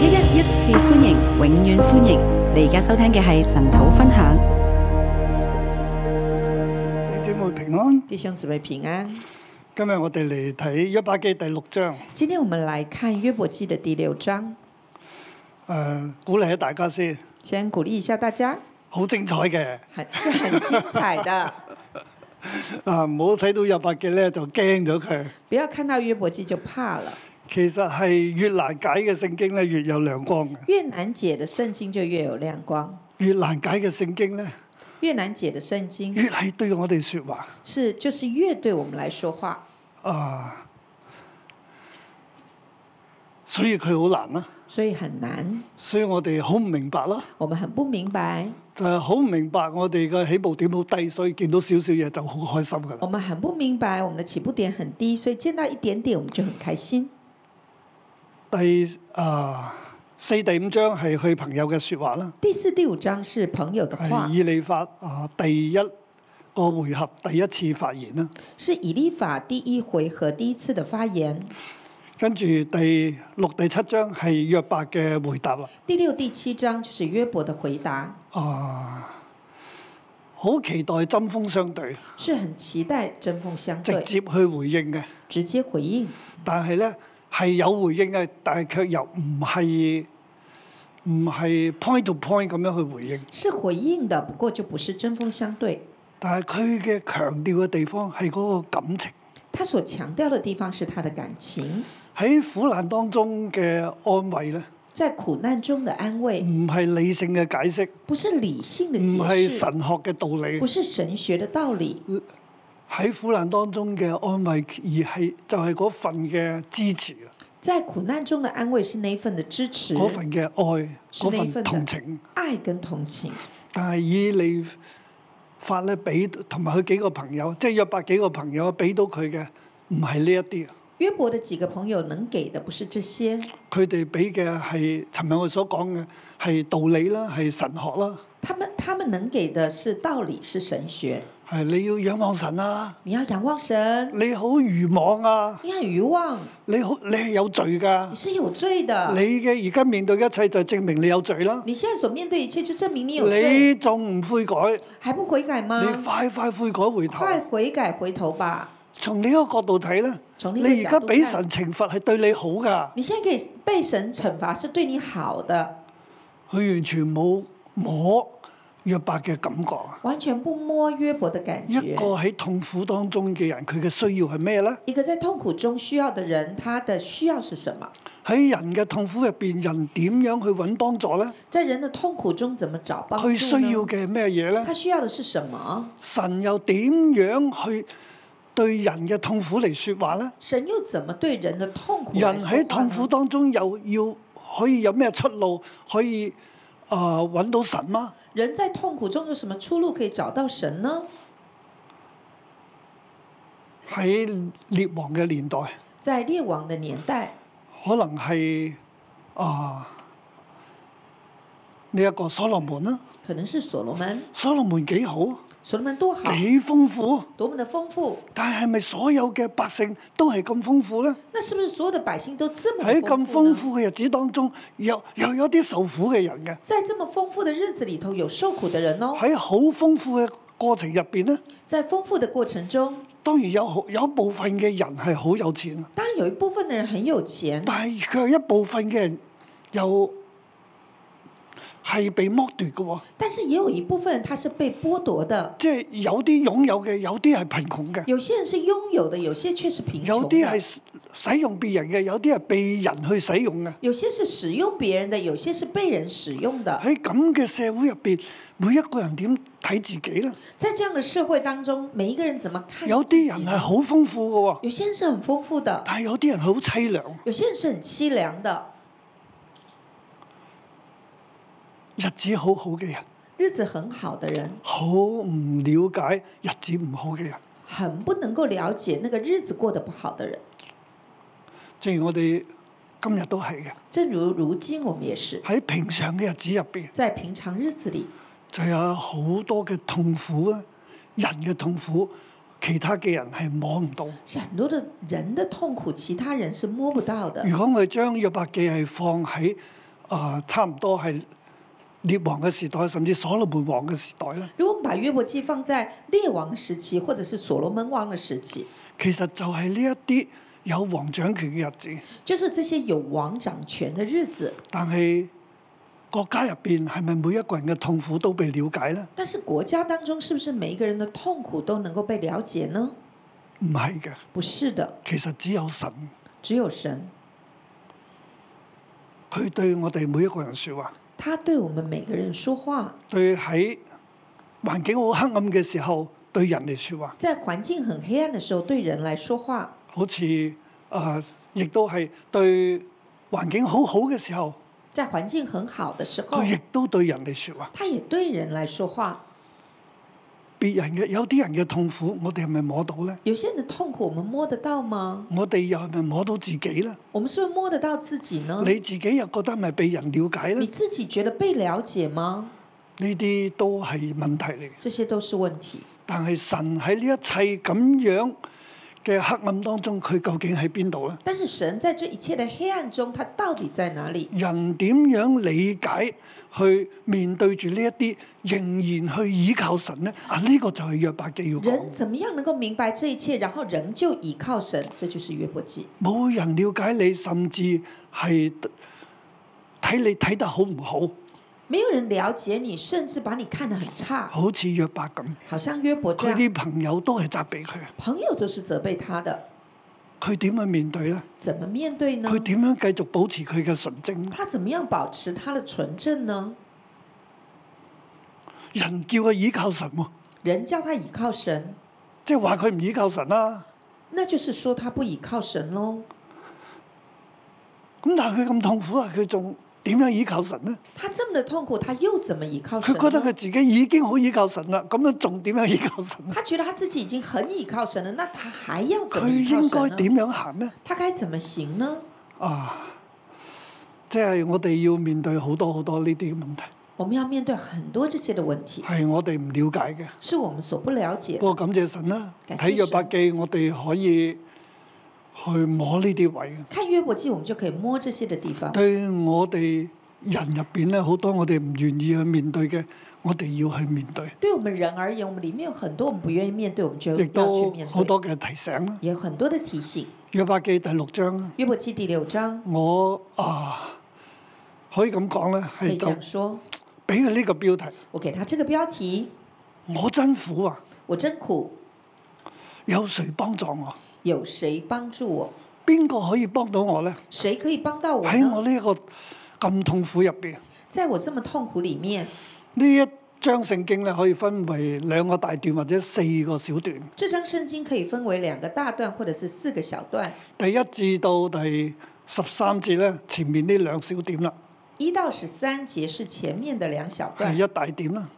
一一一次歡迎，永遠歡迎！你而家收聽嘅係晨禱分享。姊妹平安，弟兄姊妹平安。今日我哋嚟睇約伯記第六章。今天我們來看約伯記的第六章。誒、呃，鼓勵下大家先。先鼓勵一下大家。好精彩嘅， 是很精彩的。啊，唔好睇到約伯記咧就驚咗佢。不要看到約伯記就怕了。其實係越難解嘅聖經咧，越有亮光。越難解嘅聖經就越有亮光。越難解嘅聖經咧，越難解嘅聖經越係對我哋說話。是，就是越對我們來說話。啊，所以佢好難吖。所以很難。所以我哋好唔明白囉。我們很不明白。就係好唔明白，我哋嘅起步點好低，所以見到少少嘢，就好開心噶。我們很不明白，我們的起步點很低，所以見到一點點我們就很開心。第啊四第五章係佢朋友嘅說話啦。第四第五章是朋友嘅話。係以利法啊，第一個回合第一次發言啦。是以利法第一回合第一次的發言。跟住第六第七章係約伯嘅回答啦。第六第七章就是約伯的回答。啊，好期待針鋒相對。是很期待針鋒相對，直接去回應嘅。直接回應。但係呢。係有回應嘅，但係卻又唔係唔係 point to point 咁樣去回應。是回應的，不過就不是針鋒相對。但係佢嘅強調嘅地方係嗰個感情。他所強調的地方是他的感情。喺苦難當中嘅安慰呢。在苦難中的安慰。唔係理性嘅解釋。不是理性的解釋。唔係神學嘅道理。不是神學的道理。呃喺苦難當中嘅安慰，而係就係嗰份嘅支持啊！在苦難中嘅安慰是呢份嘅支持。嗰份嘅愛，嗰份同情。愛跟同情。但係以利法咧俾同埋佢幾個朋友，即係約伯幾個朋友俾到佢嘅，唔係呢一啲。約伯嘅幾個朋友能給的不是這些。佢哋俾嘅係尋日我所講嘅係道理啦，係神學啦。他們他們能給的是道理，是神學。係你要仰望神啊，你要仰望神。你好愚妄啊！你係愚妄。你好，你係有罪噶。你是有罪的。你嘅而家面對一切就證明你有罪啦！你現在所面對一切就證明你有罪。你仲唔悔改？還不悔改嗎？你快快悔改回頭。快悔改回頭吧。從呢個角度睇咧，你而家俾神懲罰係對你好噶。你現在可以被神懲罰是對你好的。佢完全冇摸。約伯嘅感覺啊！完全不摸約伯的感覺。一個喺痛苦當中嘅人，佢嘅需要係咩呢？一個在痛苦中需要嘅人，他的需要是什麼？喺人嘅痛苦入邊，人點樣去揾幫助呢？在人的痛苦中，怎麼找幫助呢？佢需要嘅係咩嘢呢？他需要的是什麼？神又點樣去對人嘅痛苦嚟説話呢？神又怎麼對人的痛苦？人喺痛苦當中，又要可以有咩出路？可以啊揾、呃、到神嗎、啊？人在痛苦中，有什麼出路可以找到神呢？喺列王嘅年，年代，可能係啊，你、這、一個所羅門啦、啊，可能是所羅門，所羅門幾好。咁多幾豐富，多麼的豐富。但係咪所有嘅百姓都係咁豐富呢？那是不是所有的百姓都這麼的豐富？喺咁豐富嘅日子當中，又又有啲受苦嘅人嘅。在這麼豐富的日子裏頭，有受苦的人咯、哦。喺好豐富嘅過程入邊呢，在豐富的過程中，當然有有一部分嘅人係好有錢。但係有一部分嘅人很有錢。但係佢有一部分嘅人又……係被剝奪嘅喎、哦，但是也有一部分人，他是被剝奪的。即係有啲擁有嘅，有啲係貧窮嘅。有些人是，是擁有的，有些卻是貧窮。有啲係使用別人嘅，有啲係被人去使用嘅。有些是使用別人嘅，有些是被人使用嘅。喺咁嘅社會入邊，每一個人點睇自己呢？在這樣嘅社會當中，每一個人怎麼看？有啲人係好豐富嘅喎，有些人是很豐富的。但係有啲人好淒涼，有些人是很淒涼的。日子好好嘅人，日子很好嘅人，好唔了解日子唔好嘅人，很不能夠了解那個日子過得不好的人。正如我哋今日都係嘅，正如如今我們也是。喺平常嘅日子入邊，在平常日子裏，就有好多嘅痛苦啊，人嘅痛苦，其他嘅人係摸唔到。係很多嘅人的痛苦，其他的人是摸不到的。如果我哋將約伯記係放喺啊、呃，差唔多係列王嘅時代，甚至所羅門王嘅時代咧。如果把約伯記放在列王的時期，或者是所羅門王嘅時期，其實就係呢一啲有王掌權嘅日子。就是這些有王掌權嘅日子。但係國家入邊係咪每一個人嘅痛苦都被了解呢？但是國家當中，是不是每一個人嘅痛苦都能夠被了解呢？唔係嘅，不是的。其實只有神，只有神，佢對我哋每一個人説話。他對我們每個人說話，對喺環境好黑暗嘅時候，對人哋說話。在環境很黑暗的時候，對人來說話。好似啊，亦、呃、都係對環境好好嘅時候，在環境很好的時候，佢亦都對人哋說話。他也對人來說話。別人嘅有啲人嘅痛苦，我哋係咪摸到呢？有些人的痛苦，我們摸得到嗎？我哋又係咪摸到自己呢？我們是唔是摸得到自己呢？你自己又覺得係咪被人了解呢？你自己覺得被了解嗎？呢啲都係問題嚟嘅，這些都是問題。但係神喺呢一切咁樣嘅黑暗當中，佢究竟喺邊度呢？但是神在這一切的黑暗中，他到底在哪裏？人點樣理解？去面對住呢一啲，仍然去依靠神呢？啊，呢個就係約伯記要講。人怎麼樣能夠明白這一切，然後仍舊依靠神？這就是約伯記。冇人了解你，甚至係睇你睇得好唔好？沒有人了解你，甚至把你看得很差。好似約伯咁，好像約伯，佢啲朋友都係責備佢。朋友就是責備他的。佢點樣面對呢？怎麼面對呢？佢點樣繼續保持佢嘅純正呢？他怎麼樣保持他的純正呢？人叫佢倚靠神喎、哦。人叫他倚靠神，即係話佢唔倚靠神啦、啊。那就是說他不倚靠神咯。咁但係佢咁痛苦啊，佢仲。點樣依靠神呢？他這麼的痛苦，他又怎麼依靠神呢？佢覺得佢自己已經好依靠神啦，咁樣仲點樣依靠神啊？他覺得他自己已經很依靠神了，那他還要怎麼依靠神呢？佢應該點樣行呢？他該怎麼行呢？啊，即係我哋要面對好多好多呢啲問題。我們要面對很多這些的問題。係我哋唔了解嘅，是我們所不了解的。不過感謝神啦，睇約伯記，我哋可以。去摸呢啲位嘅，看約伯記，我們就可以摸這些的地方。對我哋人入邊咧，好多我哋唔願意去面對嘅，我哋要去面對。對我們人而言，我們裡面有很多我們不願意面對的，我們就要多去面對。亦都好多嘅提醒啦。有很多的提醒。約伯記第六章。約伯記第六章。我啊，可以咁講咧，係就俾佢呢個標題。我給他這個標題。我真苦啊！我真苦，有誰幫助我？有誰幫助我？邊個可以幫到我呢？誰可以幫到我？喺我呢一個咁痛苦入邊，在我這麼痛苦裡面，呢一張聖經咧，可以分為兩個大段或者四個小段。這張聖經可以分為兩個大段或者是四個小段。第一至到第十三節咧，前面呢兩小點啦。一到十三節是前面的兩小段。係一大點啦。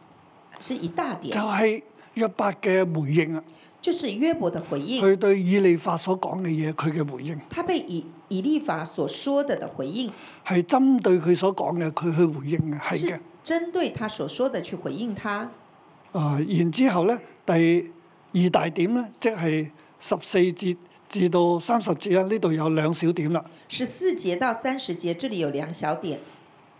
係一大點。就係約伯嘅回應啊！就是約伯的回應。佢對以利法所講嘅嘢，佢嘅回應。他被以以利法所說的的回應。係針對佢所講嘅，佢去回應嘅，係嘅。是針對他所說的去回應他。啊，然之後咧，第二大點咧，即係十四節至到三十節啊，呢度有兩小點啦。十四節到三十節，這裏有兩小點。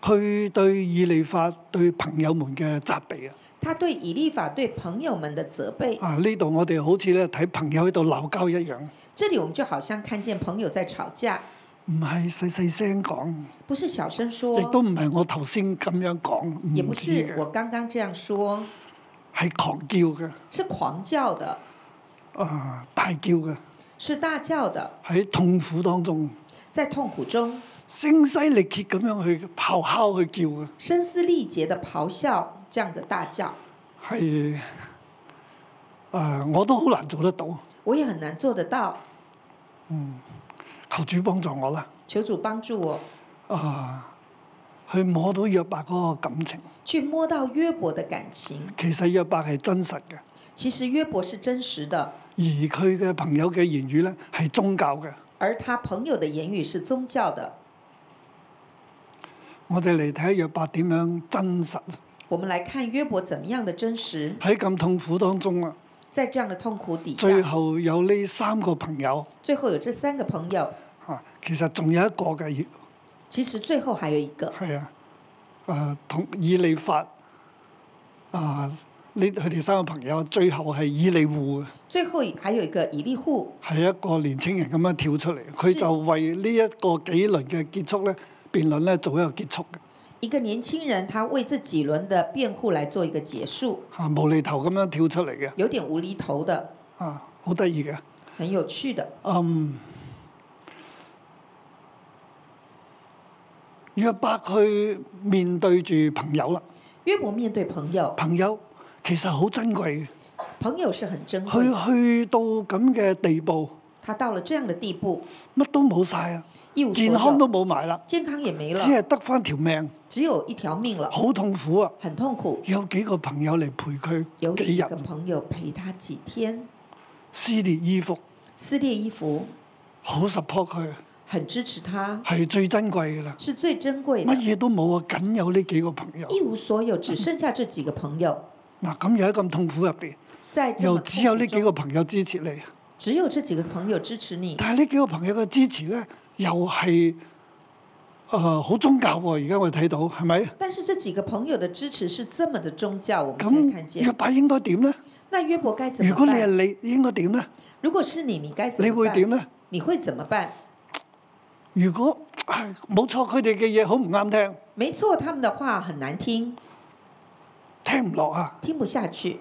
佢對以利法對朋友們嘅責備啊！他對以利法對朋友們的責備啊！呢度我哋好似咧睇朋友喺度鬧交一樣。這裡我們就好像看見朋友在吵架。唔係細細聲講，不是小聲說，亦都唔係我頭先咁樣講，也不是我剛剛這樣說，係狂叫嘅，是狂叫的，啊，大叫嘅，是大叫的，喺痛苦當中，在痛苦中聲嘶力竭咁樣去咆哮去叫嘅，聲嘶力竭的咆哮。向着大叫，係誒，我都好難做得到。我也很難做得到。求主幫助我啦。求主幫助我。啊，去摸到約伯嗰個感情。去摸到約伯嘅感情。其實約伯係真實嘅。其實約伯是真實的。而佢嘅朋友嘅言語呢，係宗教嘅。而他朋友嘅言語是宗教的。我哋嚟睇下約伯點樣真實。我們來看約伯怎麼樣的真實喺咁痛苦當中啊，在這樣的痛苦底下，最後有呢三個朋友，最後有這三個朋友。啊，其實仲有一個嘅，其實最後還有一個係啊，啊同以利法啊，呢佢哋三個朋友最後係以利戶嘅，最後還有一個以利戶係一個年青人咁樣跳出嚟，佢就為呢一個幾輪嘅結束咧，辯論咧做一個結束嘅。一個年輕人，他為這幾輪的辯護來做一個結束。嚇無厘頭咁樣跳出嚟嘅。有點無厘頭的。啊，好得意嘅。很有趣的。嗯，約伯去面對住朋友啦。約伯面對朋友。朋友其實好珍貴嘅。朋友是很珍貴。佢去到咁嘅地步。他到了這樣嘅地步。乜都冇晒。啊！健康都冇埋啦，健康也沒了，只係得翻條命，只有一條命了，好痛苦啊，很痛苦。有幾個朋友嚟陪佢，有幾日朋友陪他幾天，撕裂衣服，撕裂衣服，好 support 佢，啊，很支持他，係最珍貴嘅啦，是最珍貴。乜嘢都冇啊，僅有呢幾個朋友，一無所有，只剩下這幾個朋友。嗱、嗯，咁又喺咁痛苦入邊，就只有呢幾個朋友支持你，只有這幾個朋友支持你。但係呢幾個朋友嘅支持咧？又係，誒、呃、好宗教喎、哦！而家我哋睇到係咪？但是這幾個朋友的支持是這麼嘅宗教，我們先看見。約伯應該點呢？那約伯該怎？如果你係你，應該點呢？如果是你，你該你會點呢？你會怎麼辦？如果啊，哎、冇錯，佢哋嘅嘢好唔啱聽。沒錯，他們的話很難聽，聽唔落啊，聽不下去。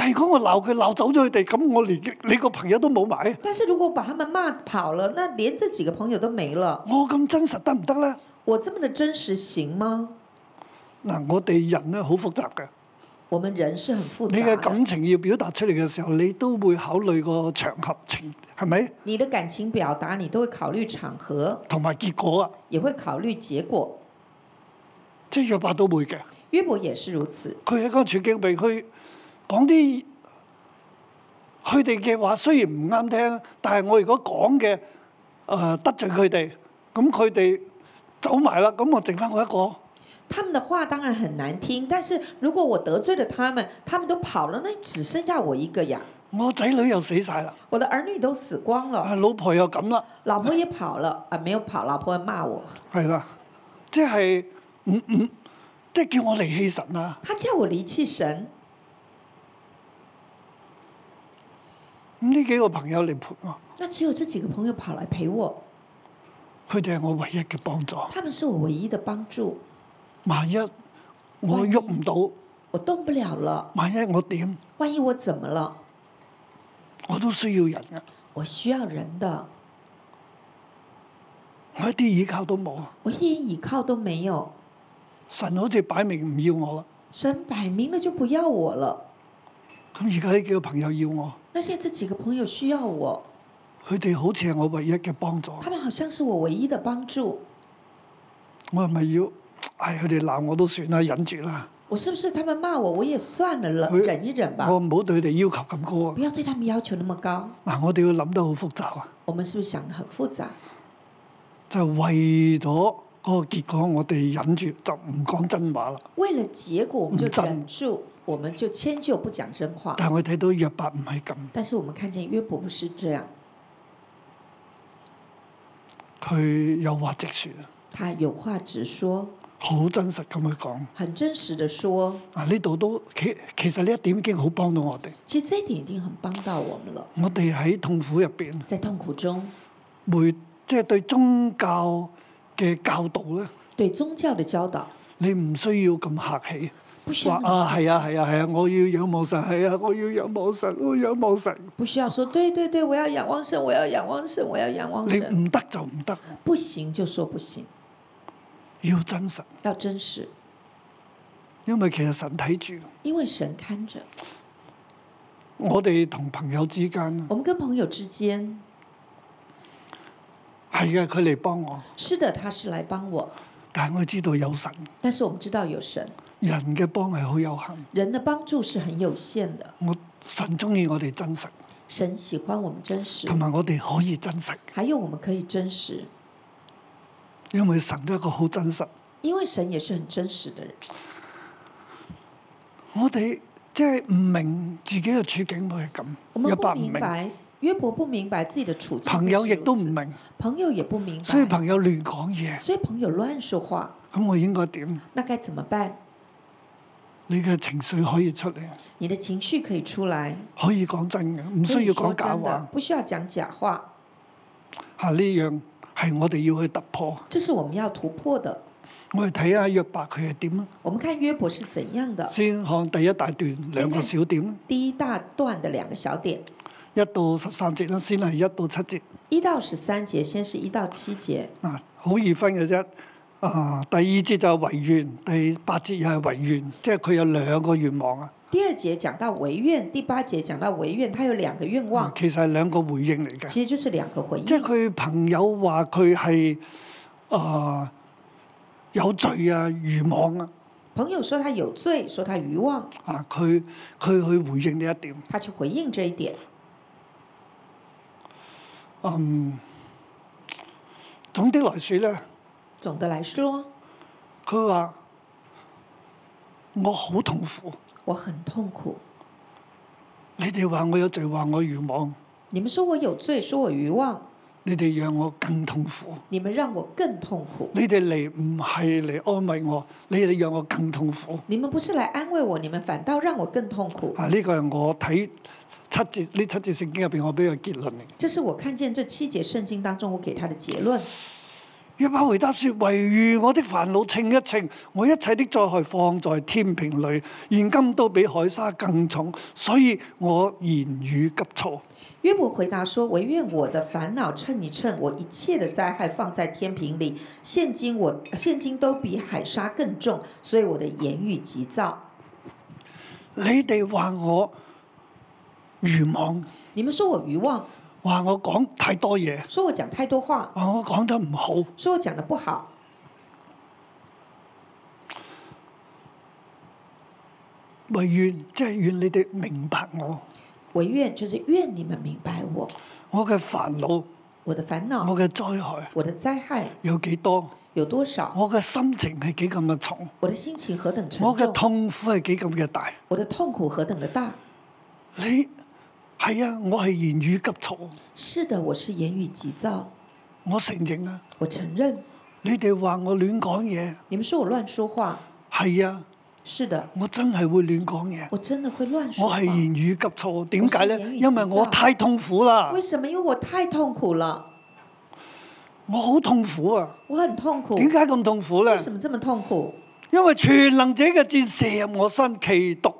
但係如果我鬧佢鬧走咗佢哋，咁我連你個朋友都冇埋。但是如果把他們罵跑了，那連這幾個朋友都沒了。我咁真實得唔得呢？我這麼的真實行嗎？嗱，我哋人呢，好複雜嘅。我們人是很複雜的。你嘅感情要表達出嚟嘅時候，你都會考慮個場合情，係咪？你的感情表達，你都會考慮場合，同埋結果啊，也會考慮結果。即係約伯都會嘅。約伯也是如此。佢係一個絕境地區。講啲佢哋嘅話雖然唔啱聽，但係我如果講嘅誒得罪佢哋，咁佢哋走埋啦，咁、嗯、我剩翻我一個。他們嘅話當然很難聽，但是如果我得罪咗他們，他們都跑了，那只剩下我一個人。我仔女又死晒啦，我的兒女都死光了，老婆又咁啦，老婆也跑了， 啊，沒有跑，老婆罵我。係啦，即係嗯嗯，即係叫我離棄神啊。他叫我離棄神。呢幾個朋友嚟陪我，那只有這幾個朋友跑來陪我，佢哋係我唯一嘅幫助。他們是我唯一的幫助。萬一我喐唔到，我動不了了。萬一我點？萬一我怎麼了？我都需要人呀，我需要人的，我一啲依靠都冇，我一啲依靠都沒有。神好似擺明唔要我啦，神擺明了就不要我了。咁而家呢幾個朋友要我。那現在這幾個朋友需要我，佢哋好似係我唯一嘅幫助。他們好像是我唯一的幫助。我係咪要？唉，佢哋鬧我都算啦，忍住啦。我是不是他們罵我，我也算了，忍一忍吧。我唔好對佢哋要求咁高。不要對他們要求那麼高。嗱，我哋要諗得好複雜啊。我們是不是想得很複雜？就為咗嗰個結果，我哋忍住就唔講真話啦。為了結果，我們就忍住。我們就遷就不講真話。但係我睇到約伯唔係咁。但是我們看見約伯不是這樣，佢有話直說啊。他有話直說，好真實咁去講，很真實嘅說。啊，呢度都其其實呢一點已經好幫到我哋。其實呢一點已經很幫到我們了。我哋喺痛苦入邊，在痛苦中，每即係對宗教嘅教導咧，對宗教嘅教導，你唔需要咁客氣。話啊，係啊，係啊，係啊！我要仰望神，係啊，我要仰望神，我仰望神。不需要說，對對對，我要仰望神，我要仰望神，我要仰望神。你唔得就唔得，不行就說不行，要真實，要真實。因為其實神睇住，因為神看着。我哋同朋友之間，我們跟朋友之間，係嘅，佢嚟幫我。是的，他是嚟幫我。但係我知道有神，但是我們知道有神。人嘅幫係好有限，人的幫助是很有限的。我神中意我哋真實，神喜歡我們真實，同埋我哋可以真實，還有我們可以真實，因為神都係一個好真實，因為神也是很真實的人。我哋即係唔明自己嘅處境會係咁，一白唔明約伯不明白自己嘅處境，朋友亦都唔明，朋友也不明白，所以朋友亂講嘢，所以朋友亂說話。咁我應該點？那該怎麼辦？你嘅情緒可以出嚟。你嘅情緒可以出嚟，可以講真嘅，唔需要講假話。不需要講假話。嚇、啊！呢樣係我哋要去突破。即是我們要突破的。我哋睇下約伯佢係點咯。我們看約伯是怎樣的。先看第一大段兩個小點。第一大段的兩個小點。一到十三節咧，先係一到七節。一到十三節，先是一到七節。啊，好易分嘅啫。啊！第二節就係惟願，第八節又係惟願，即係佢有兩個願望啊！第二節講到惟願，第八節講到惟願，他有兩個願望。其實係兩個回應嚟嘅。其實就是兩個回應。即係佢朋友話佢係啊，有罪啊，愚妄啊。朋友說他有罪，說他愚妄。啊！佢佢去回應呢一點。他去回應這一點。嗯，總的來説咧。總的來説，佢話我好痛苦，我很痛苦。你哋話我有罪，話我愚妄。你們說我有罪，說我愚妄。你哋讓我更痛苦。你們讓我更痛苦。你哋嚟唔係嚟安慰我，你哋讓我更痛苦。你們不是來安慰我，你們反倒讓我更痛苦。啊，呢、這個係我睇七節，呢七節聖經入邊，我俾個結論。這是我看見這七節聖經當中，我給他的結論。約伯回答說：唯願我的煩惱稱一稱，我一切的災害放在天平裏，現今都比海沙更重，所以我言語急躁。約伯回答說：唯願我的煩惱稱一稱，我一切的災害放在天平裡，現今我現今都比海沙更重，所以我的言語急躁。你哋話我愚妄？你們說我愚妄？話我講太多嘢，說我講太多話。我講得唔好，說我講得不好。唯願即係、就是、願你哋明白我。唯願就是願你們明白我。我嘅煩惱，我的煩惱。我嘅災害，我的災害。有幾多？有多少？我嘅心情係幾咁嘅重？我的心情何等沉重？我嘅痛苦係幾咁嘅大？我嘅痛苦何等的大？你。係啊，我係言語急躁。是的，我是言語急躁。我承認啊。我承認。你哋話我亂講嘢。你們說我亂說話。係啊。是的。我真係會亂講嘢。我真的會亂說。我係言語急躁，點解呢？因為我太痛苦啦。為什麼？因為我太痛苦了。我好痛苦啊。我很痛苦、啊。點解咁痛苦呢？為什麼這麼痛苦？因為全能者嘅箭射入我身，其毒。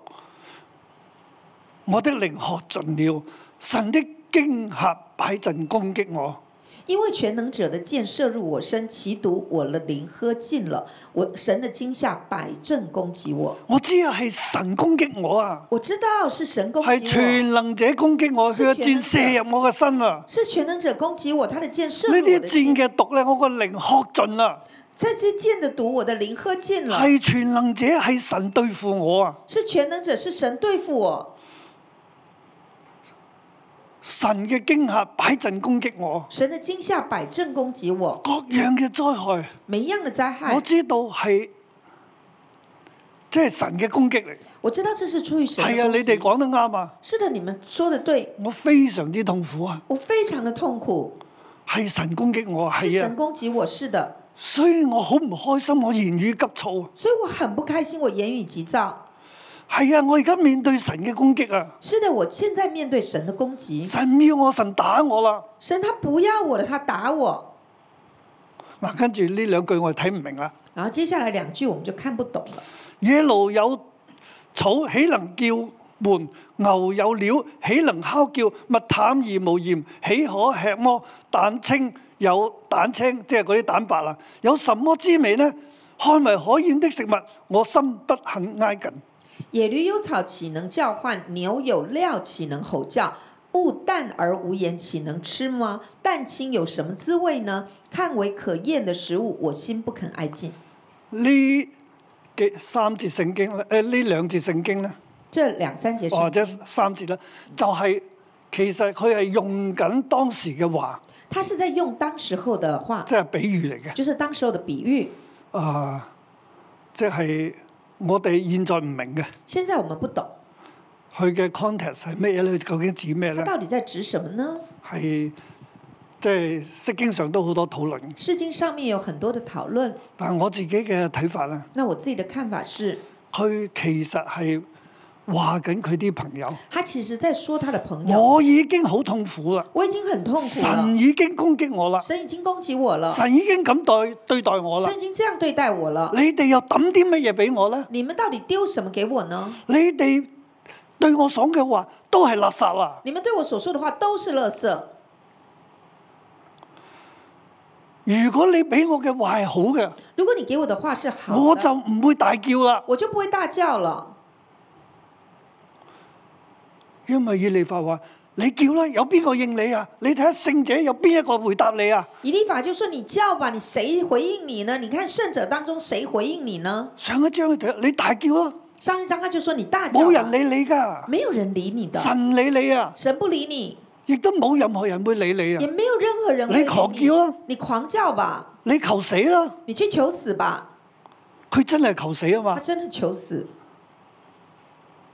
我的靈喝盡了，神的驚嚇擺陣攻擊我。因為全能者的箭射入我身，其毒我的靈喝盡了。我神的驚嚇擺陣攻擊我。我知係神攻擊我啊！我知道是神攻擊我。係全能者攻擊我，佢嘅箭射入我嘅身啊！是全能者攻擊我，我，他的箭射入我的身。呢啲箭嘅毒咧，我個靈喝盡啦。這些箭的毒，我的靈喝盡了。係全能者，係神對付我啊！是全能者，是神對付我。神嘅驚嚇擺陣攻擊我，神嘅驚嚇擺陣攻擊我，各樣嘅災害，每一樣嘅災害，我知道係即係神嘅攻擊嚟。我知道這是出於神。係啊，你哋講得啱啊。是的，你們說得對。我非常之痛苦啊！我非常的痛苦。係神攻擊我，係神攻擊我，是的。所以我好唔開心，我言語急躁。所以我很不開心，我言語急躁。係啊！我而家面對神嘅攻擊啊！是的，我現在面對神的攻擊。神要我，神打我啦。神他不要我了，他打我。嗱，跟住呢兩句我睇唔明啦。然後接下來兩句我們就看不懂了。野驢有草，豈能叫喚？牛有料，豈能吼叫？物淡而無鹽，豈可吃麼？蛋清有蛋清，即係嗰啲蛋白啦，有什麼滋味呢？看為可厭的食物，我心不肯挨近。野驢有草，豈能叫喚？牛有料，豈能吼叫？物淡而無鹽，豈能吃嗎？蛋清有什麼滋味呢？看為可厭的食物，我心不肯挨近。呢幾三節聖經咧，誒、呃，呢兩節聖經咧，這兩三節經，或者三節咧，就係、是、其實佢係用緊當時嘅話。他是在用當時候的話。即、就、係、是、比喻嚟嘅。就是當時候嘅比喻。啊、呃，即係。我哋現在唔明嘅。現在我們不懂。佢嘅 context 係乜嘢咧？佢究竟指咩咧？佢到底在指什麼呢？係，即係《釋經》上都好多討論。《釋經》上面有很多嘅討論。但係我自己嘅睇法咧。那我自己的看法是。佢其實係。話緊佢啲朋友，他其實在說他的朋友。我已經好痛苦啦，我已經很痛苦。神已經攻擊我啦，神已經攻擊我了，神已經咁對對待我啦，神已經這樣對待我了。你哋又抌啲乜嘢俾我咧？你們到底丟什麼給我呢？你哋對我講嘅話都係垃圾啊！你們對我所說嘅話都是垃圾。如果你俾我嘅話係好嘅，如果你給我嘅話是好，我就唔會大叫啦，我就不會大叫了。因為以利法話：你叫啦，有邊個應你啊？你睇聖者有邊一個回答你啊？以利法就說：你叫吧，誰你誰回應你呢？你看聖者當中誰回應你呢、啊？上一章佢睇，你大叫啊！上一章佢就說你大叫冇人理你噶，沒有人理你的，神理你啊，神不理你，亦都冇任何人會理你啊。也沒有任何人會你,你狂叫啊！你狂叫吧，你求死啦，你去求死吧。佢真係求死啊嘛，他真的求死。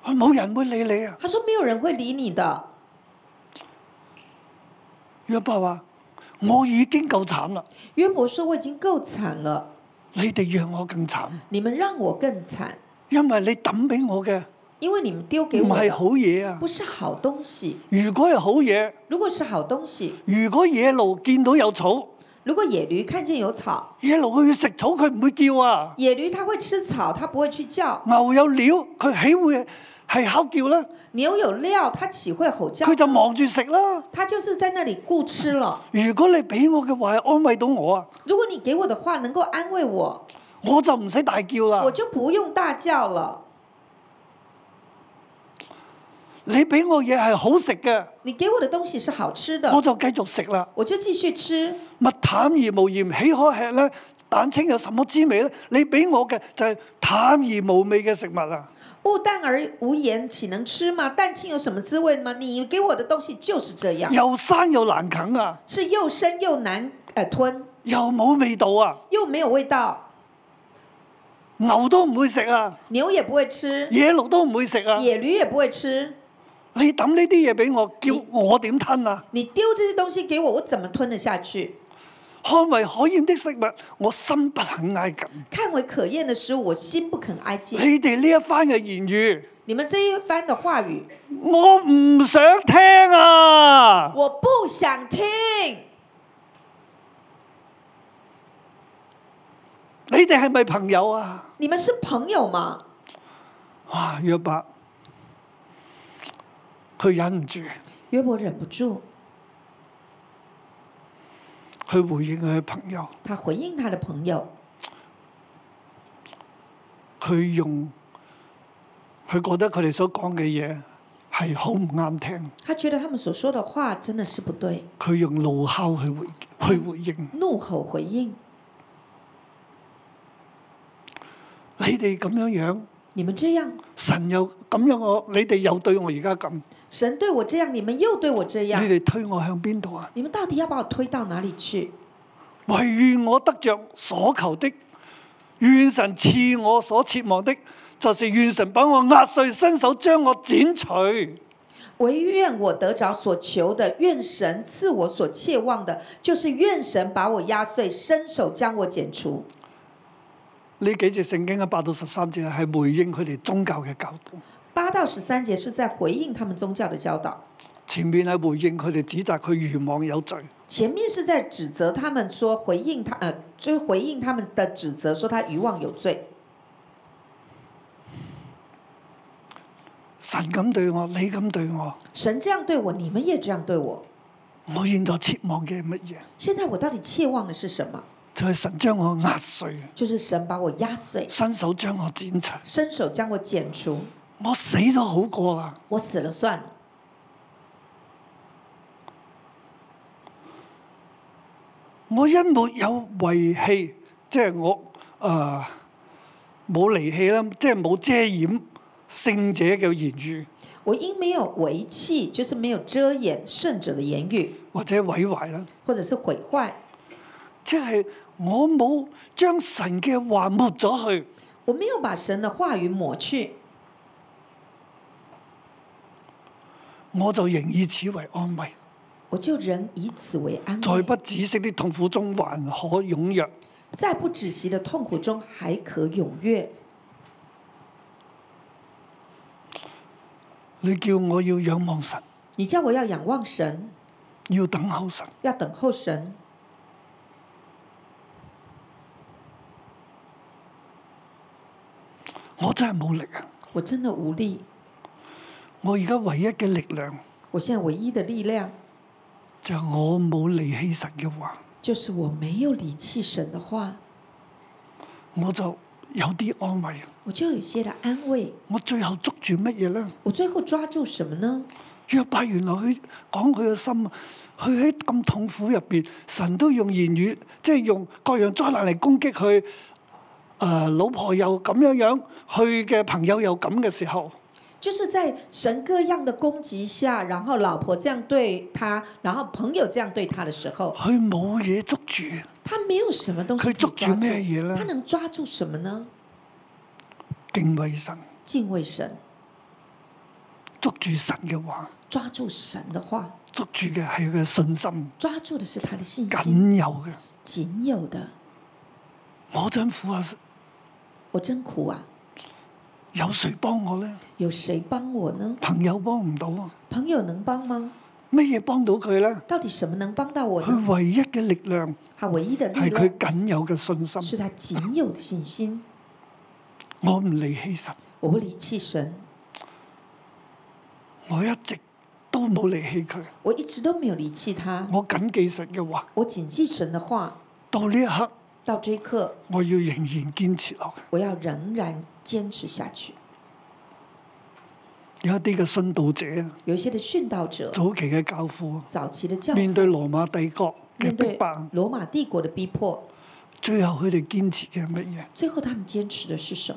佢冇人會理你啊！他說：沒有人會理你的。約伯話：我已經夠慘啦。約伯說：我已經夠慘了。說我已經夠慘了你哋讓我更慘。你們讓我更慘。因為你抌俾我嘅，因為你們丟給我唔係好嘢啊！不是好東西。如果係好嘢，如果是好東西，如果野驢見到有草，如果野驢看見有草，野驢去食草佢唔會叫啊。野驢它會吃草，它不會去叫。牛有料，佢豈會？係吼叫啦！牛有料，他豈會吼叫？佢就望住食啦。他就是在那裡顧吃了。如果你俾我嘅話，係安慰到我啊！如果你給我的話能夠安慰我，我就唔使大叫啦。我就不用大叫了。你俾我嘢係好食嘅。你給我的東西是好吃的。我就繼續食啦。我就繼續吃。物淡而無鹽，豈可吃咧？蛋清有什麼滋味咧？你俾我嘅就係淡而無味嘅食物啊！不淡而無鹽，豈能吃嗎？蛋清有什麼滋味嗎？你給我的東西就是這樣。又生又難啃啊！是又生又難呃吞。又冇味道啊！又沒有味道。牛都唔會食啊！牛也不會吃。野鹿都唔會食啊！野驢也不會吃。你抌呢啲嘢俾我，叫我點吞啊你？你丟這些東西給我，我怎麼吞得下去？看為可厭的食物，我心不肯挨近。看為可厭的食物，我心不肯挨近。你哋呢一番嘅言語，你們這一番嘅話語，我唔想聽啊！我不想聽。你哋係咪朋友啊？你們是朋友嗎？哇、啊，約伯，佢忍唔住。約伯忍不住。去回應佢嘅朋友，他回應他的朋友，佢用佢覺得佢哋所講嘅嘢係好唔啱聽，他覺得他們所說的話真的是不對，佢用怒吼去回去回應，怒吼回應，你哋咁樣樣，你們這樣，神又咁樣我，你哋又對我而家咁。神對我這樣，你們又對我這樣。你哋推我向邊度啊？你們到底要把我推到哪裏去？唯願我得着所求的，願神賜我所切望的，就是願神把我壓碎，伸手將我剪除。唯願我得着所求的，願神賜我所切望的，就是願神把我壓碎，伸手將我剪除。呢幾節聖經嘅八到十三節係回應佢哋宗教嘅教導。八到十三節是在回應他們宗教的教導，前面係回應佢哋指責佢愚妄有罪。前面是在指責他們說回應他，誒，就回應他們的指責，說他愚妄有罪。神咁對我，你咁對我。神這樣對我，你們也這樣對我。我現在切望嘅係乜嘢？現在我到底切望嘅係什麼？就係神將我壓碎。就是神把我壓碎。伸手將我剪除。伸手將我剪除。我死咗好過啦！我死了算。我因沒有遺棄，即係我誒冇離棄啦，即係冇遮掩聖者嘅言語。我因沒有遺棄，就是沒有遮掩聖者的言語，或者毀壞啦，或者是毀壞，即係我冇將神嘅話抹咗去。我沒有把神的話語抹去。我就仍以此為安慰。我就仍以此為安慰。在不止息的痛苦中，還可踴躍。在不止息的痛苦中，還可踴躍。你叫我要仰望神。你叫我要仰望神。要等候神。要等候神。我真係冇力啊！我真的無力。我而家唯一嘅力量，我現在唯一的力量就係我冇離棄神嘅話，就是我沒有離棄神的話，我就有啲安慰，我就有些的安慰。我最後捉住乜嘢呢？我最後抓住什麼呢？約伯原來佢講佢嘅心，佢喺咁痛苦入邊，神都用言語，即係用各樣災難嚟攻擊佢。誒、呃，老婆又咁樣樣，佢嘅朋友又咁嘅時候。就是在神各樣的攻擊下，然後老婆這樣對他，然後朋友這樣對他的時候，佢冇嘢捉住。他沒有什麼東西。佢捉住咩嘢呢？他能抓住什麼呢？敬畏神。敬畏神。捉住神嘅話。抓住神的話。捉住嘅係佢信心。抓住的是他的信心。僅有嘅。僅有的。我真苦啊！我真苦啊！有誰幫我呢？有誰幫我呢？朋友幫唔到啊！朋友能幫嗎？乜嘢幫到佢呢？到底什麼能幫到我呢？佢唯一嘅力量係，唯一的力量，係佢僅有嘅信心。是他僅有的信心。我唔離棄神，我不離棄神，我一直都冇離棄佢。我一直都沒有離棄他。我謹記神嘅話，我謹記神嘅話。到呢一刻。到這一刻，我要仍然堅持落去，我要仍然堅持下去。有一啲嘅殉道者，有一些的殉道者，早期嘅教父，早期的教父，面對羅馬帝國嘅逼迫，面對羅馬帝國的逼迫，最後佢哋堅持嘅係乜嘢？最後他們堅持嘅係什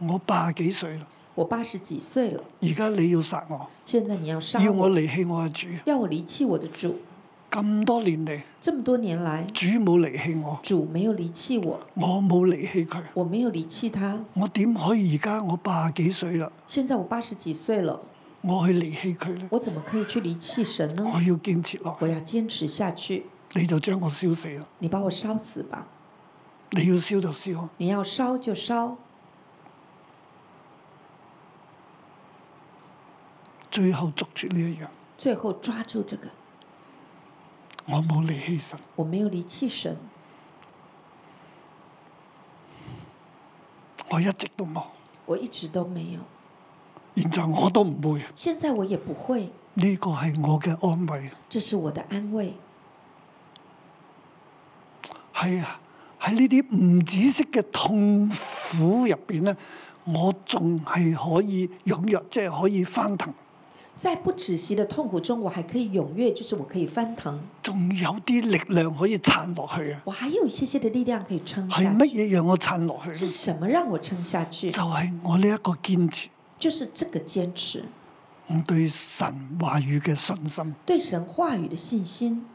麼？我八十幾歲咯，我八十幾歲了。而家你要殺我，現在你要殺我，要我離棄我嘅主，要我離棄我嘅主。咁多年嚟，這麼多年來，主冇離棄我，主沒有離棄我，我冇離棄佢，我沒有離棄他，我點可以而家我八啊幾歲啦？現在我八十幾歲了，我去離棄佢咧？我怎麼可以去離棄神呢？我要堅持落去，我要堅持下去，你就將我燒死咯，你把我燒死吧，你要燒就燒，你要燒就燒，最後捉住呢一樣，最後抓住這個。我冇離棄神，我沒有離棄神，我一直都冇，我一直都沒有，現在我都唔會，現在我也不會，呢個係我嘅安慰，這是我的安慰，係啊，喺呢啲唔知色嘅痛苦入邊呢，我仲係可以踴躍，即係可以翻騰。在不止息的痛苦中，我還可以踴躍，就是我可以翻騰，仲有啲力量可以撐落去啊！我還有一些些的力量可以撐下去。係乜嘢讓我撐落去？是什麼讓我撐下去？就係、是、我呢一個堅持，就是這個堅持，我對神話語嘅信心，對神話語嘅信心，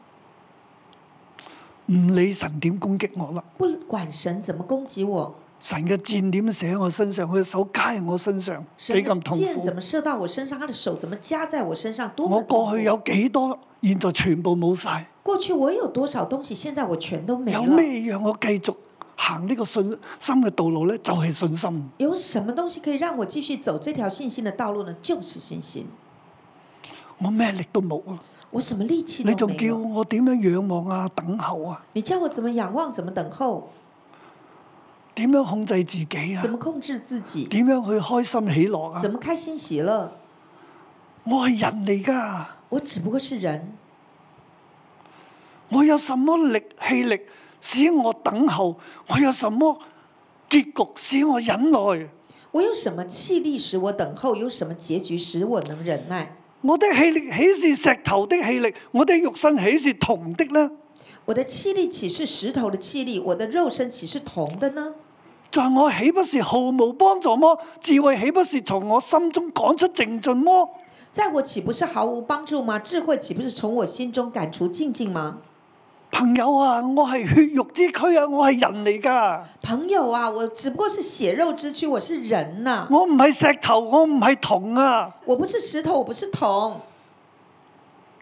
唔理神點攻擊我啦，不管神怎麼攻擊我。成嘅箭點射我身上？佢手加喺我身上，幾咁痛苦？箭怎麼射到我身上？他的手怎麼加在我身上？多我過去有幾多，現在全部冇晒。過去我有多少東西，現在我全都沒了。有咩讓我繼續行呢個信心嘅道路呢？就係信心。有什麼東西可以讓我繼續走這條信心嘅道路呢？就是信心。我咩力都冇啊！我什麼力氣都冇。你仲叫我點樣仰望啊？等候啊？你叫我怎麼仰望？怎麼等候？點樣控制自己啊？怎麼控制自己？點樣去開心喜樂啊？怎麼開心喜樂？我係人嚟㗎，我只不過是人。我有什麼力氣力使我等候？我有什麼結局使我忍耐？我有什麼氣力使我等候？有什麼結局使我能忍耐？我的氣力豈是石頭的氣力？我的肉身豈是銅的呢？我的氣力豈是石頭的氣力？我的肉身豈是銅的呢？在我豈不是毫無幫助麼？智慧豈不是從我心中趕出淨盡麼？在我豈不是毫無幫助嗎？智慧豈不是從我心中趕出淨盡嗎？朋友啊，我係血肉之軀啊，我係人嚟噶。朋友啊，我只不過是血肉之軀，我是人啊。我唔係石頭，我唔係銅啊。我不是石頭，我不是銅。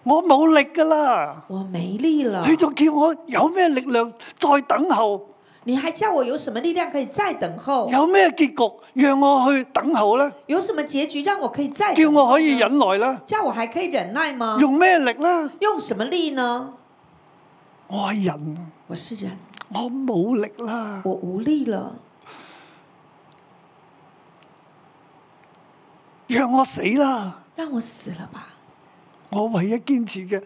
我冇力噶啦。我沒力了。你仲叫我有咩力量再等候？你還叫我有什麼力量可以再等候？有咩結局讓我去等候呢？有什麼結局讓我可以再等候？叫我可以忍耐啦？叫我還可以忍耐嗎？用咩力呢？用什麼力呢？我係人，我是人，我冇力啦，我無力了，讓我死啦，讓我死了吧。我唯一堅持嘅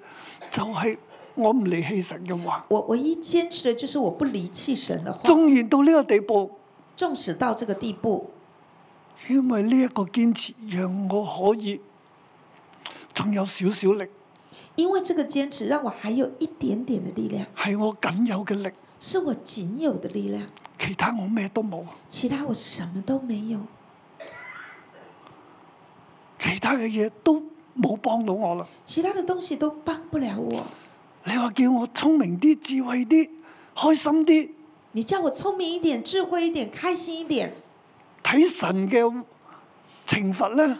就係、是。我唔離棄神嘅話，我唯一堅持嘅就是我不離棄神嘅話。縱然到呢個地步，縱使到這個地步，因為呢一個堅持，讓我可以仲有少少力。因為這個堅持，讓我還有一點點的力量。係我僅有嘅力，是我僅有的力量。其他我咩都冇，其他我什麼都沒有，其他嘅嘢都冇幫到我啦。其他的東西都幫不了我。你話叫我聰明啲、智慧啲、開心啲。你叫我聰明一點、智慧一點、開心一點。睇神嘅懲罰咧。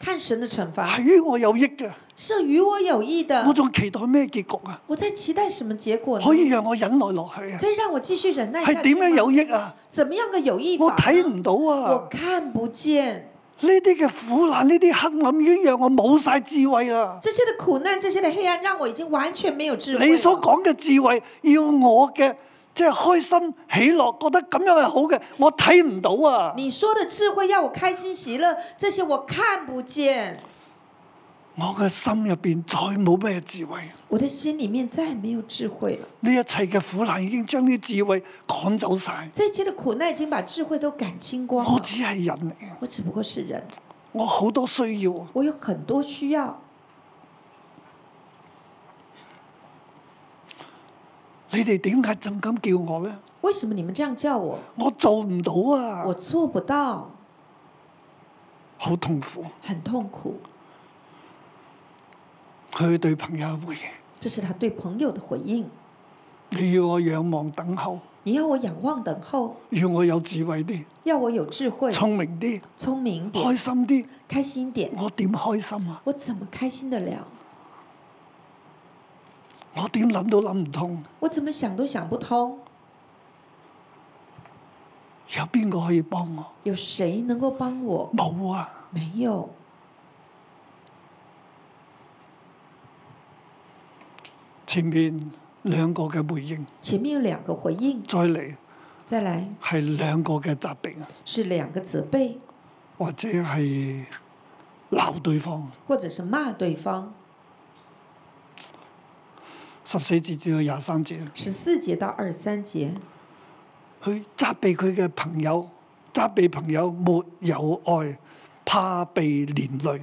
看神嘅懲罰，係於我有益嘅。是於我有益的。我仲期待咩結局啊？我在期待什麼結果呢？可以讓我忍耐落去啊？可以讓我繼續忍耐啊。係點樣有益啊？怎麼樣嘅有益？我睇唔到啊！我看不見。呢啲嘅苦難，呢啲黑暗，已經讓我冇晒智慧啦。這些的苦難，這些的黑暗，讓我已經完全沒有智慧了。你所講嘅智慧，要我嘅即係開心、喜樂，覺得咁樣係好嘅，我睇唔到啊。你說的智慧，要我開心喜樂，這些我看不見。我嘅心入邊再冇咩智慧，我的心裏面再冇智慧了。呢一切嘅苦難已經將啲智慧趕走晒。這些嘅苦難已經把智慧都趕清光。我只係人嚟，我只不過是人。我好多需要，我有很多需要。你哋點解咁叫我咧？為什麼你們這樣叫我？我做唔到啊！我做不到，好痛苦，很痛苦。佢對朋友嘅回應：，這是他對朋友的回應。你要我仰望等候，你要我仰望等候，要我有智慧啲，要我有智慧，聰明啲，聰明，開心啲，開心點。我點開心啊？我怎麼開心得了？我點諗都諗唔通，我怎麼想都想不通。有邊個可以幫我？有誰能夠幫我？冇啊，沒有。前面兩個嘅回應，前面有兩個回應。再嚟，再嚟，係兩個嘅責備啊，是兩個責備，或者係鬧對方，或者是罵對方。十四節至到廿三節，十四節到二三節，去責備佢嘅朋友，責備朋友沒有愛，怕被連累。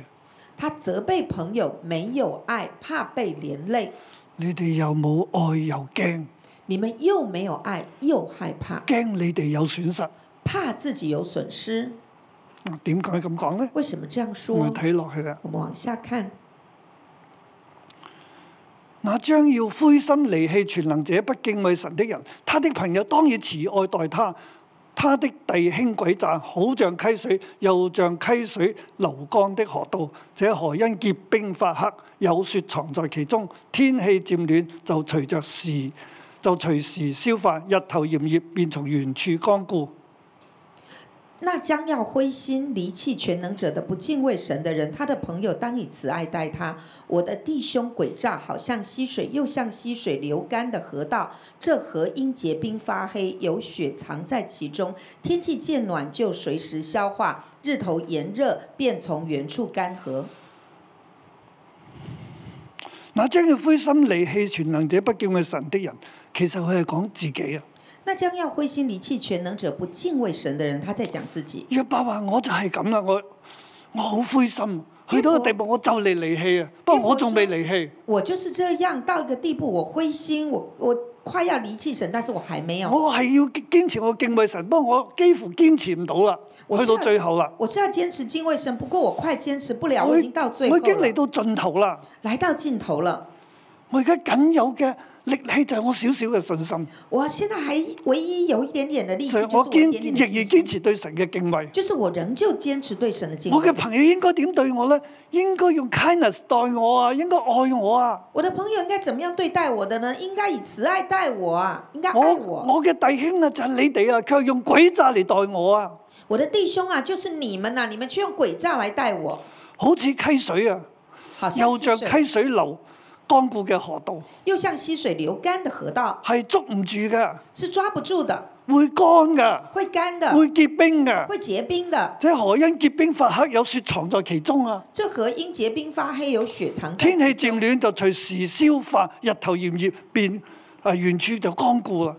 他責備朋友沒有愛，怕被連累。你哋又冇愛又驚，你們又沒有愛又害怕，驚你哋有，有損失，怕自己有損失。我點解咁講呢？為什麼這樣說？嗯，我睇落去啊，我往下看，那將要灰心離棄全能者不敬畏神的人，他的朋友當然慈愛待他。他的弟兄詭詐，好像溪水，又像溪水流乾的河道。這河因結冰發黑，有雪藏在其中。天氣漸暖，就隨著時就隨時消化。日頭炎熱，便從原處乾涸。那將要灰心離棄全能者的不敬畏神的人，他的朋友當以慈愛待他。我的弟兄詭詐，好像溪水，又像溪水流乾的河道，這河因結冰發黑，有雪藏在其中。天氣漸暖，就隨時消化，日頭炎熱便從原處乾涸。那將要灰心離棄全能者不敬畏神的人，其實佢係講自己啊。那將要灰心離棄全能者不敬畏神的人，他在講自己。約伯話我就係咁啦，我我好灰心，去到個地步我就嚟離棄啊！不過我仲未離棄我。我就是這樣到一個地步，我灰心，我我快要離棄神，但是我還沒有。我係要堅持我敬畏神，不過我幾乎堅持唔到啦，去到最後啦。我是要堅持敬畏神，不過我快堅持不了，我我已經到最後。我已經嚟到盡頭啦。來到盡頭啦。我而家僅有嘅。力氣就係我少少嘅信心。我，我現在還唯一有一點點嘅力氣，就係我堅仍然堅持對神嘅敬畏。就是我仍舊堅持對神嘅敬畏。我嘅朋友應該點對我咧？應該用 kindness 待我啊，應該愛我啊。我嘅朋友應該怎麼對該該該怎樣對待我的呢？應該以慈愛待我啊，應該愛我。我嘅弟兄啊，就係你哋啊，佢用詭詐嚟待我啊。我的弟兄啊，就是你們啊。你們卻用詭詐嚟待我。好似溪水啊，又像溪水流。江固嘅河道，又像溪水流乾嘅河道，係捉唔住嘅，是抓不住的，會乾嘅，會乾的，會結冰嘅，會結冰的。這河因結冰發黑，有雪藏在其中啊！即河因結冰發黑，有雪藏、啊、天氣漸暖就隨時消化，日頭炎熱變啊原處就乾固啦。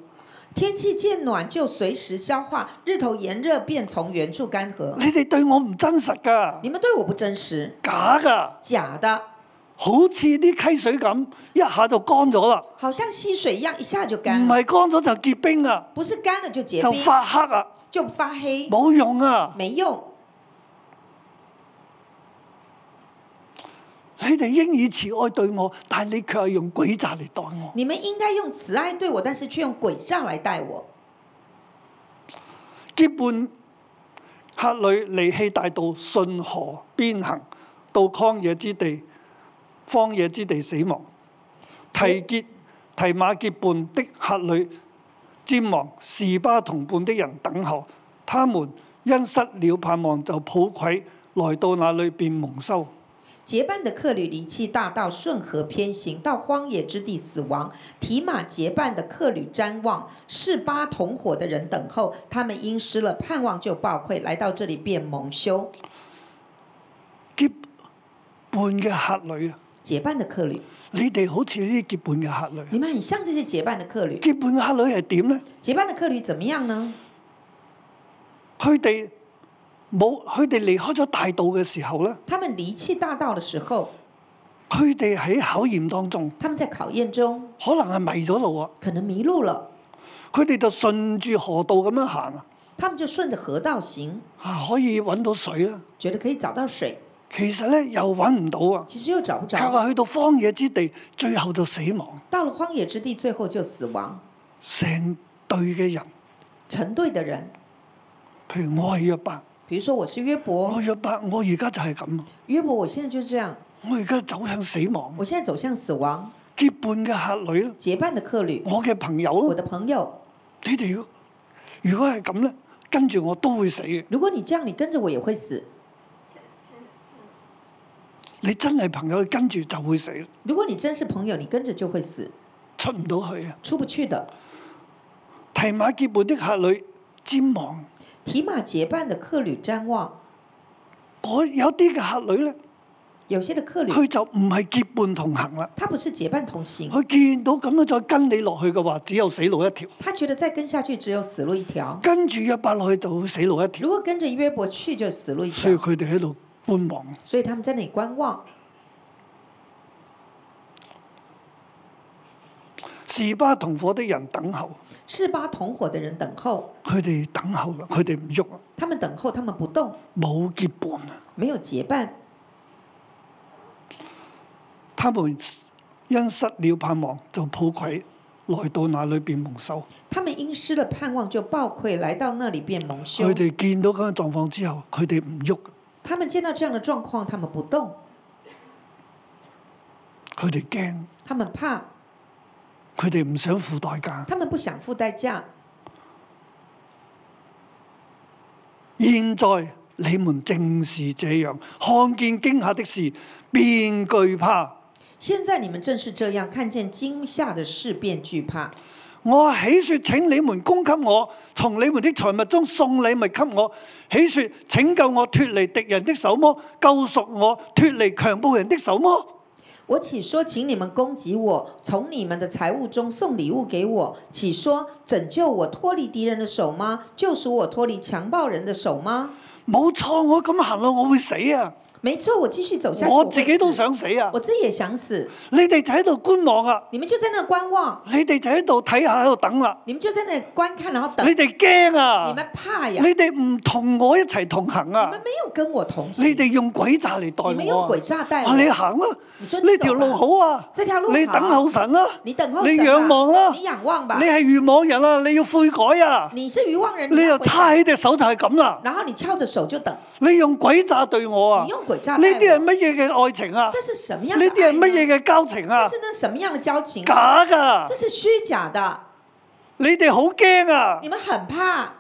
天氣漸暖就隨時消化，日頭炎熱便從原處乾涸。你哋對我唔真實㗎！你們對我唔真,真實，假㗎，假的。好似啲溪水咁，一下就乾咗啦。好像溪水一樣，一下就乾。唔係乾咗就結冰啊！不是乾咗就結冰。就發黑啊！就發黑。冇用啊！沒用。你哋應以慈愛對我，但係你卻係用詭詐嚟當我。你們應該用慈愛對我，但是卻用詭詐嚟待我。結伴，客旅離棄大道，順河邊行，到荒野之地。荒野之地死亡，提結提馬結伴的客旅瞻望士巴同伴的人等候，他們因失了盼望就抱愧，來到那裏便蒙羞。結伴的客旅離棄大道，順河偏行，到荒野之地死亡。提馬結伴的客旅瞻望士巴同伙的人等候，他們因失了盼望就抱愧，來到這裏便蒙羞。結伴嘅客旅結伴嘅客旅，你哋好似呢啲結伴嘅客旅。你們很像這些結伴的客旅。結伴嘅客旅係點咧？結伴嘅客旅怎麼樣呢？佢哋冇佢哋離開咗大道嘅時候咧。他們離棄大道嘅時候。佢哋喺考驗當中。他們在考驗中。可能係迷咗路啊。可能迷路了，佢哋就順住河道咁樣行啊。他們就順着河道行。啊，可以揾到水啊！覺得可以找到水。其實咧又揾唔到啊！其實又找不著。佢話去到荒野之地，最後就死亡。到了荒野之地，最後就死亡。成對嘅人。成對嘅人。譬如我係約伯。譬如說，我是約伯。我約伯，我而家就係咁。約伯我，我現在就係咁。我而家走向死亡。我現在走向死亡。結伴嘅客旅咯。結伴嘅客旅。我嘅朋友。我嘅朋友。你哋如果係咁咧，跟住我都會死。如果你這樣，你跟着我也會死。你真係朋友，跟住就會死。如果你真係朋友，你跟住就會死，出唔到去啊！出不去的。提馬結伴的客旅瞻望，提馬結伴的客旅瞻望。我有啲嘅客旅呢，有些嘅客旅，佢就唔係結伴同行啦。他不是結伴同行。佢見到咁樣再跟你落去嘅話，只有死路一條。他覺得再跟下去只有死路一條。跟住約伯落去就會死路一條。如果跟着約伯去就死路一條。所以佢哋喺度。觀望，所以他們在那裡觀望。示巴同伙的人等候，示巴同伙的人等候，佢哋等候啦，佢哋唔喐啦。他們等候，他們不動，冇結伴啊，沒有結伴。他們因失了盼望，就抱愧來到那裡便蒙羞。他們因失了盼望，就抱愧來到那裡便蒙羞。佢哋見到咁嘅狀況之後，佢哋唔喐。他們見到這樣的狀況，他們不動。佢哋驚，他們怕，佢哋唔想付代價。他們不想付代價。現在你們正是這樣，看見驚嚇的事便懼怕。現在你們正是這樣，看見驚嚇的事便懼怕。我起說，請你們供給我，從你們的財物中送禮物給我。起說，請救我脫離敵人的手麼？救贖我脫離強暴人的手麼？我起說，請你們供給我，從你們的財物中送禮物給我。起說，拯救我脫離敵人的手嗎？救贖我脫離強暴人的手嗎？冇錯，我咁行路我會死啊！沒錯，我繼續走下去。我自己都想死啊！我自己也想死。你哋就喺度觀望啊！你們就在那觀望。你哋就喺度睇下喺度等啦！你們就在那觀看，那觀看然後等。你哋驚啊！你們怕呀！你哋唔同我一齊同行啊！你們沒有跟我同行。你哋用鬼詐嚟待我。你們用鬼詐待我。你行啦。呢條，、啊、條路好啊，你等候神啦、啊啊，你仰望啦、啊，你仰望吧，你係愚妄人啊，你要悔改啊，你是愚妄人，你，、啊、你又叉起隻手就係咁啦，然後你翹着手就等，你用鬼詐對我啊，你用鬼詐，呢啲係乜嘢嘅愛情啊？這是什麼樣嘅愛情？呢啲係乜嘢嘅交情啊？這是那什麼樣的交情、啊？假噶，這是虛假的，你哋好驚啊，你們很怕，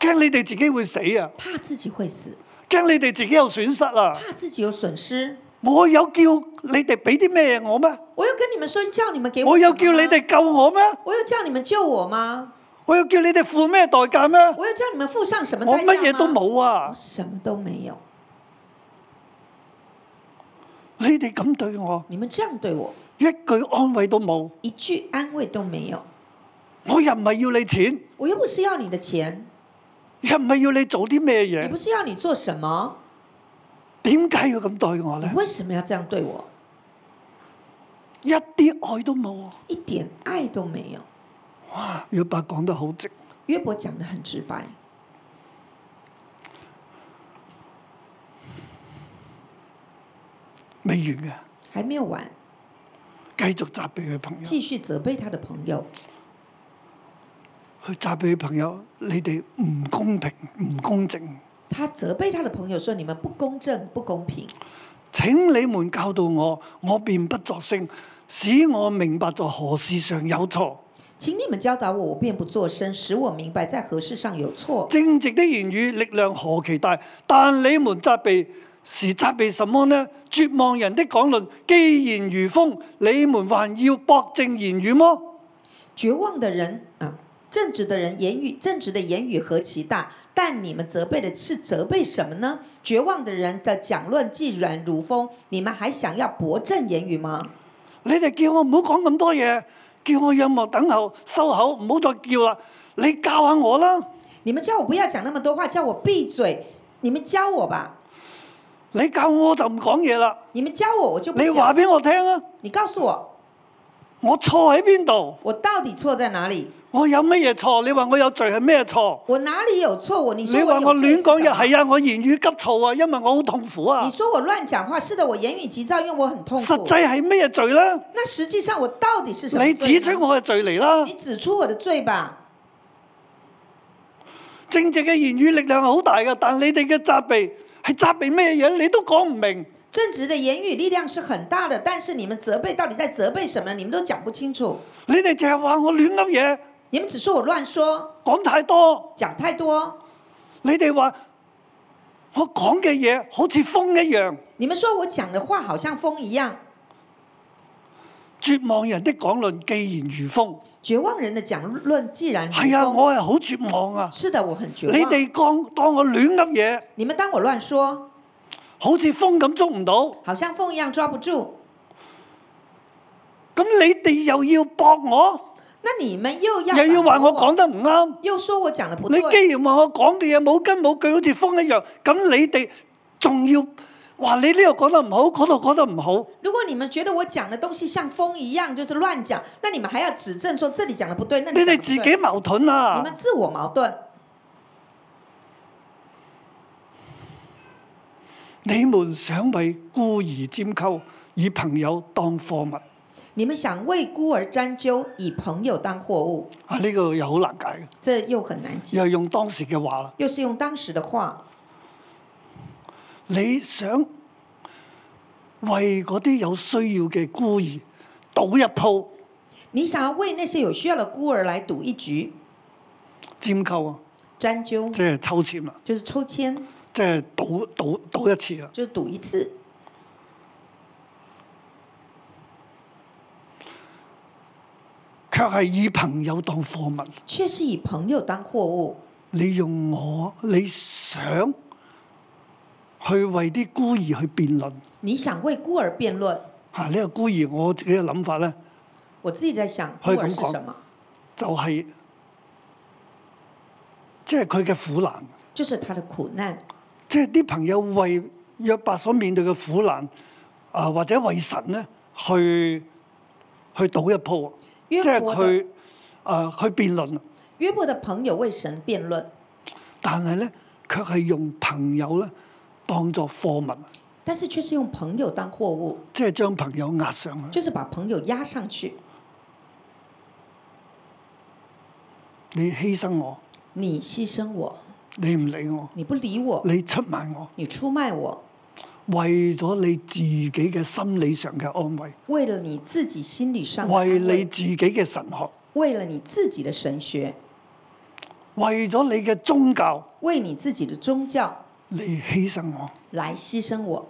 驚你哋自己會死啊，怕自己會死。驚你哋自己有損失啦！怕自己有損失。我有叫你哋俾啲咩我咩？我有跟你們說，叫你們給我。我有叫你哋救我咩？我有叫你們救我嗎？我有叫你哋付咩代價咩？我有叫你們付上什麼代價？我乜嘢都冇啊！我什麼都沒有。你哋咁對我，你們這樣對我，一句安慰都冇，一句安慰都沒有。我又唔係要你錢，我又不是要你的錢。又唔係要你做啲咩嘢？你不是要你做什麼？點解要咁對我呢？你為什麼要這樣對我？一啲愛都冇。一點愛都沒有。哇！約伯講得好直。約伯講得很直白。未完嘅。還沒有完。繼續責備佢朋友。繼續責備他的朋友。去責備朋友，你哋唔公平、唔公正。他責備他的朋友，說：你們不公正、不公平。請你們教導我，我便不作聲，使我明白在何事上有錯。請你們教導我，我便不作聲，使我明白在何事上有錯。正直的言語力量何其大，但你們責備是責備什麼呢？絕望人的講論，既然如風，你們還要駁正言語嗎？絕望的人，啊正直的人言語，正直的言語何其大，但你們責備的是責備什麼呢？絕望的人的講論既然如風，你們還想要駁正言語嗎？你哋叫我唔好講咁多嘢，叫我仰望等候，收口，唔好再叫啦。你教下我啦。你們叫我不要講那麼多話，叫我閉嘴，你們教我吧。你教我就唔講嘢啦。你們教我，我就。你話俾我聽啊。你告訴我，我錯喺邊度？我到底錯在哪裡？我有乜嘢錯？你話我有罪係咩嘢錯？我哪裏有錯？你你話我亂講嘢，係啊，我言語急躁啊，因為我好痛苦啊。你說我亂講話，是的，我言語急躁，因為我很痛苦。實際係咩嘢罪啦？那實際上我到底是什麼罪？你指出我嘅罪嚟啦！你指出我嘅罪，罪吧。正直嘅言語力量好大嘅，但你哋嘅責備係責備咩嘢？你都講唔明。正直嘅言語力量是很大的，但是你們責備到底在責備什麼？你們都講不清楚。你哋淨係話我亂噏嘢。你們只說我亂說，講太多，講太多，你哋話我講嘅嘢好似風一樣。你們說我講嘅話好像風一樣。絕望人的講論既然如風，絕望人的講論既然如風。係啊，我係好絕望啊。是的，我很絕望。你哋當當我亂噏嘢，你們當我亂說，好似風咁捉唔到，好像風一樣抓不住。咁你哋又要駁我？那你們又要又要話我講得唔啱，又說我講的不對。你既然我話我講嘅嘢冇根冇據，好似風一樣，咁你哋仲要話你呢個講得唔好，嗰度講得唔好。如果你們覺得我講嘅東西像風一樣，就是亂講，那你們還要指正，說這裡講得不對。那你哋自己矛盾啊！你們自我矛盾。你們想為孤兒拈鬮，以朋友當貨物？你們想為孤兒拈鬮，以朋友當貨物？啊，呢、這個又好難解。這又很難解。又用當時嘅話啦。又是用當時的話。你想為嗰啲有需要嘅孤兒賭一鋪？你想要為那些有需要嘅孤兒來賭一局？拈鬮啊！拈鬮，即係抽籤啊，就是抽籤。即、就、係、是就是、賭賭賭一次啊！就是、賭一次。卻係以朋友當貨物，卻是以朋友當貨物。你用我，你想去為啲孤兒去辯論？你想為孤兒辯論？吓、啊、呢、這個孤兒我自己嘅諗法咧，我自己在想孤兒是什麼？就係即係佢嘅苦難，即、就是他的苦難。即係啲朋友為約伯所面對嘅苦難啊，或者為神咧去去賭一鋪。即係佢，誒，去辯論。約伯的朋友為神辯論，但係咧，卻係用朋友咧當作貨物。但是，卻是用朋友當貨物。即係將朋友壓上去。就是把朋友壓上去。你犧牲我。你犧牲我。你唔理我。你不理我。你出賣我。你出賣我。為咗你自己嘅心理上嘅安慰，為了你自己心理上，為你自己嘅神學，為了你自己的神學，為咗你嘅宗教，為你自己的宗教，嚟犧牲我，來犧牲我。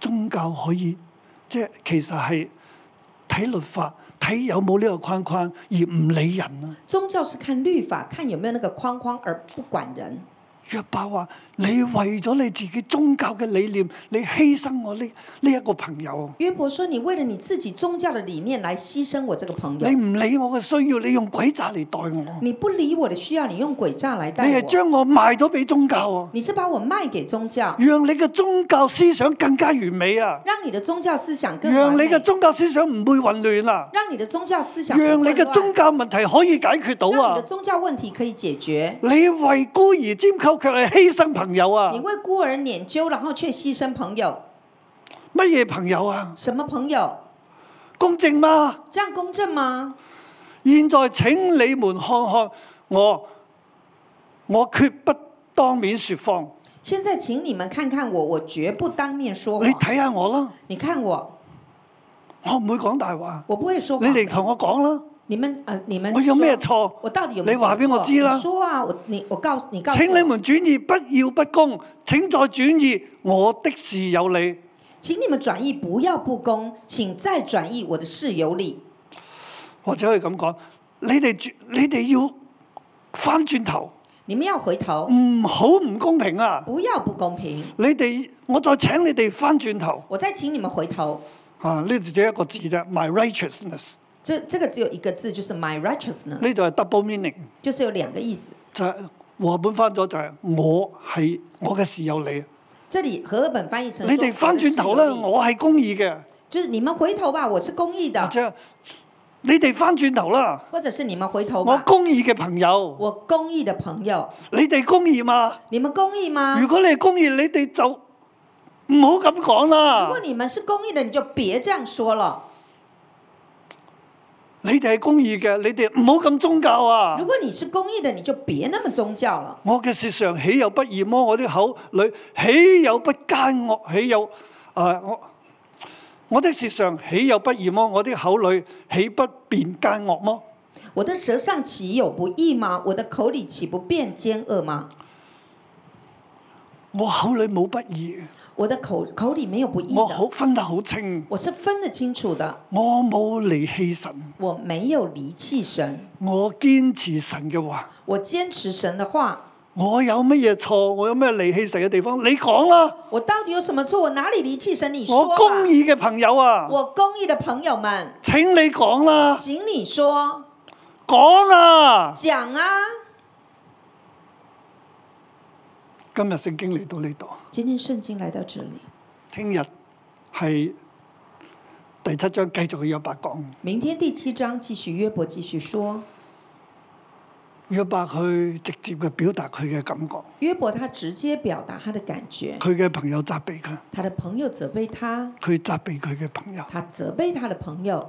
宗教可以，即係其實係睇律法，睇有冇呢個框框，而唔理人啊。宗教是看律法，看有沒有那個框框，而不管人。約伯話：你為咗你自己宗教嘅理念，你犧牲我呢呢一個朋友。約伯說：你為了你自己宗教嘅理念來犧牲我這個朋友。你唔理,理我嘅需要，你用詭詐嚟待我。你不理我嘅需要，你用詭詐嚟待我。你係將我賣咗俾宗教啊！你是把我賣給宗教。讓你嘅宗教思想更加完美啊！讓你的宗教思想更完美。讓你嘅宗教思想唔會混亂啦。讓你的宗教思想更。讓你嘅宗教問題可以解決到啊！讓你的宗教問題可以解決。讓你為孤兒佔溝。卻係犧牲朋友啊！你為孤兒念究，然後卻犧牲朋友，乜嘢朋友啊？什麼朋友、啊？公正嗎？這樣公正嗎？現在請你們看看我，我絕不當面說謊。現在請你們看看我，我絕不當面說謊。你睇下我啦，你看我，我唔會講大話，我不會說。你嚟同我講啦。你們，呃，你們，我有咩錯？我到底有咩錯？你話俾我知啦！說啊，我你我告訴你告訴，請你們轉意，不要不公，請再轉意，我的事有理。請你們轉意，不要不公，請再轉意，我的事有理。或者可以咁講，你哋轉，你哋要翻轉頭。你們要回頭？唔好唔公平啊！不要不公平！你哋，我再請你哋翻轉頭。我再請你們回頭。啊，呢度就只一個字啫，my righteousness。這這個只有一個字，就是 my righteousness。呢度係 double meaning，就是有兩個意思。就和、是、本翻咗就係、是、我係我嘅事有你。這裡和本翻譯成。你哋翻轉頭啦，我係公義嘅。就是你們回頭吧，我是公義的。或者你哋翻轉頭啦。或者是你們回頭。我公義嘅朋友。我公義嘅朋友。你哋公義嗎？你們公義嗎？如果你係公義，你哋就唔好咁講啦。如果你們是公義嘅，你就別這樣說了。你哋係公義嘅，你哋唔好咁宗教啊！如果你是公義嘅，你就別那麼宗教了。我嘅舌上豈有不義麼？我啲口裏豈有不奸惡？豈有啊、呃？我我的舌上豈有不義麼？我啲口裏豈不辨奸惡麼？我的舌上豈有不義嗎？我的口裏豈不辨奸，奸，奸惡嗎？我口裏冇不義。我的口口裏沒有不義。我好分得好清。我是分得清楚的。我冇離棄神。我沒有離棄神。我堅持神嘅話。我堅持神的話。我有乜嘢錯？我有咩離棄神嘅地方？你講啦、啊。我到底有什麼錯？我哪裡離棄神？你說、啊。我公義嘅朋友啊。我公義嘅朋友們，請你講啦、啊。請你說。講啦、啊。講啊。今日聖經嚟到呢度。今天聖經來到這裡。聽日係第七章繼續約伯講。明天第七章繼續約伯繼續說。約伯佢直接嘅表達佢嘅感覺。約伯他直接表達他的感覺。佢嘅朋友責備佢。他的朋友責備他。佢責備佢嘅朋友。他責備他的朋友。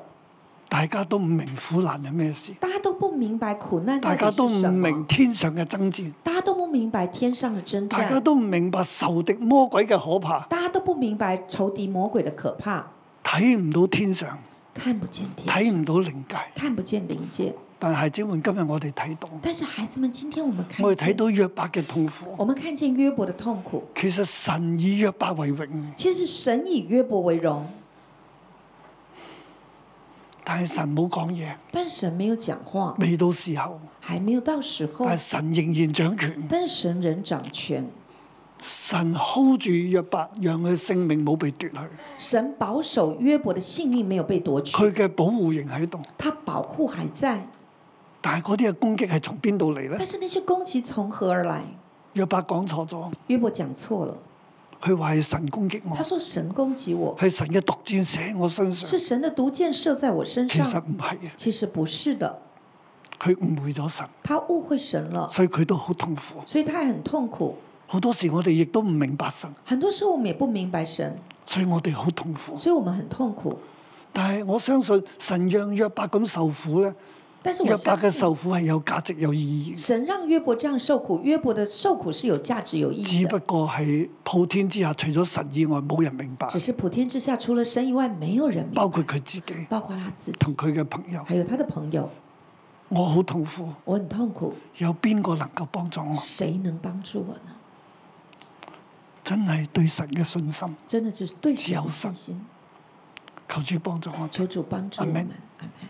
大家都唔明苦難有咩事？大家都不明白苦難。大家都唔明天上嘅爭戰。大家都唔明白天上嘅爭戰。大家都唔明白仇敵魔鬼嘅可怕。大家都唔明白仇敵魔鬼嘅可怕。睇唔到天上。睇唔見天。睇唔到靈界。看不見靈界。但係姊妹今日我哋睇到。但是孩子們今天我們。我哋睇到，到約伯嘅痛苦。我們看見約伯嘅痛苦。其實神以約伯為榮。其實神以約伯為榮。但神冇講嘢，但神沒有講話，未到時候，還沒有到時候，但神仍然掌權，但神仍掌權，神 hold 住約伯，讓佢性命冇被奪去，神保守約伯嘅性命沒有被奪去，佢嘅保護仍喺度，他保護還在，但係嗰啲嘅攻擊係從邊度嚟呢？但是呢些攻擊從何而來？約伯講錯咗，約伯講錯了。佢話係神攻擊我，佢話神攻擊我，係神嘅毒箭射我身上，是神的毒箭射在我身上。其實唔係嘅，其實不是的，佢誤會咗神，佢誤會神了，所以佢都好痛苦，所以他很痛苦。好多時我哋亦都唔明白神，很多時候我哋也不明白神，所以我哋好痛苦，所以我們很痛苦。但係我相信神讓約伯咁受苦咧。但約伯嘅受苦係有價值有意義。神讓約伯這樣受苦，約伯嘅受苦是有價值有意義。只不過係普天之下除咗神以外冇人明白。只是普天之下除了神以外沒有人明白。包括佢自己。包括他自己。同佢嘅朋友。還有他的朋友。我好痛苦。我很痛苦。有邊個能夠幫助我？誰能幫助我呢？真係對神嘅信心。真的是對神的信心。只有神。求主幫助我。求主幫助我。Amen. Amen.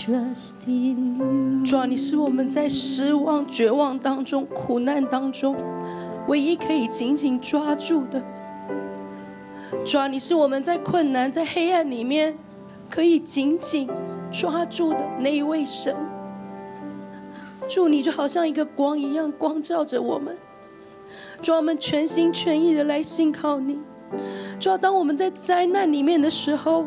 Trust in you. 主啊，你是我們在失望、絕望當中、苦難當中唯一可以緊緊抓住的。主啊，你是我們在困難、在黑暗裏面可以緊緊抓住的那一位神。主啊，你就好像一個光一樣光照着我們。主啊，我們全心全意的來信靠你。主啊，當我們在災難裏面的時候。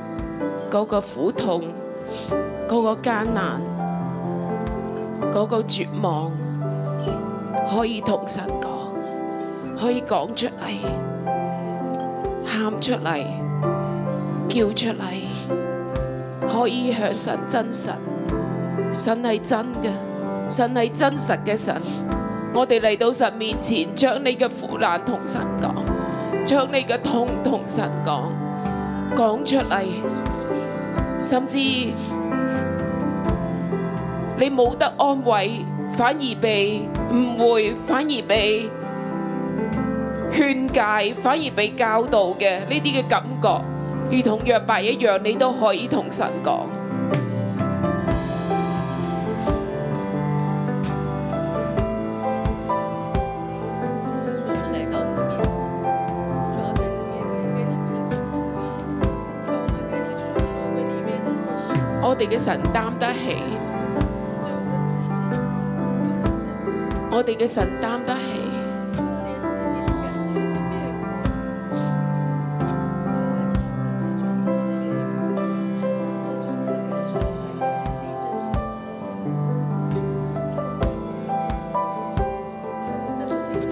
嗰、那個苦痛，嗰、那個艱難，嗰、那個絕望，可以同神講，可以講出嚟，喊出嚟，叫出嚟，可以向神真實，神係真嘅，神係真實嘅神。我哋嚟到神面前，將你嘅苦難同神講，將你嘅痛同神講，講出嚟。甚至你冇得安慰，反而被誤會，反而被勸戒，反而被教導嘅呢啲嘅感覺，如同約伯一樣，你都可以同神講。嘅神擔得起，我哋嘅神擔得起，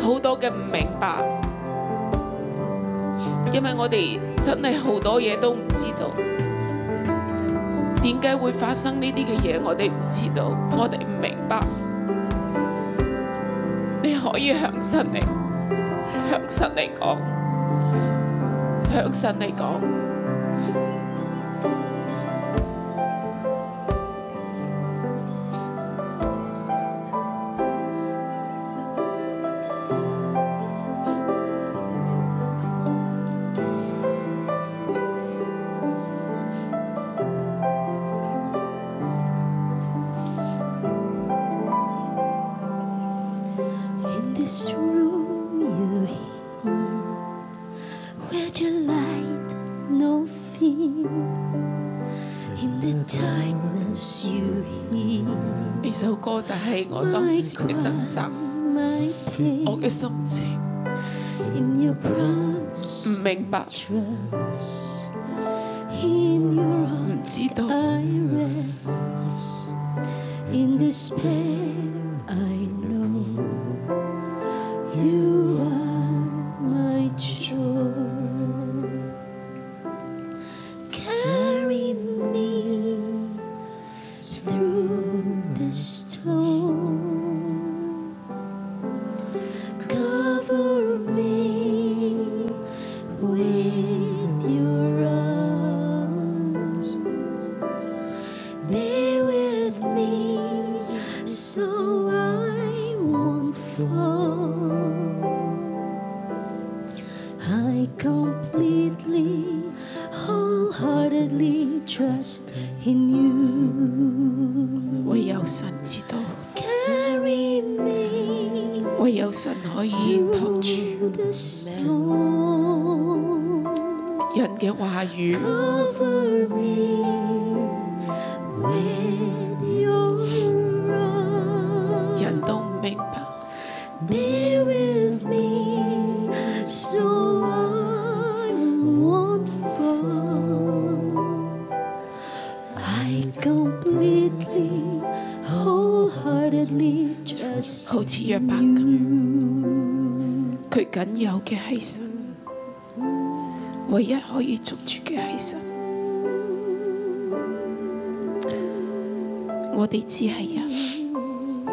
好多嘅唔明白，因為我哋真係好多嘢都唔知道。點解會發生呢啲嘅嘢？我哋唔知道，我哋唔明白。你可以向神嚟，向神嚟講，向神嚟講。你我嘅心情唔明白，唔知道。唯一可以捉住嘅係神。我哋只係人，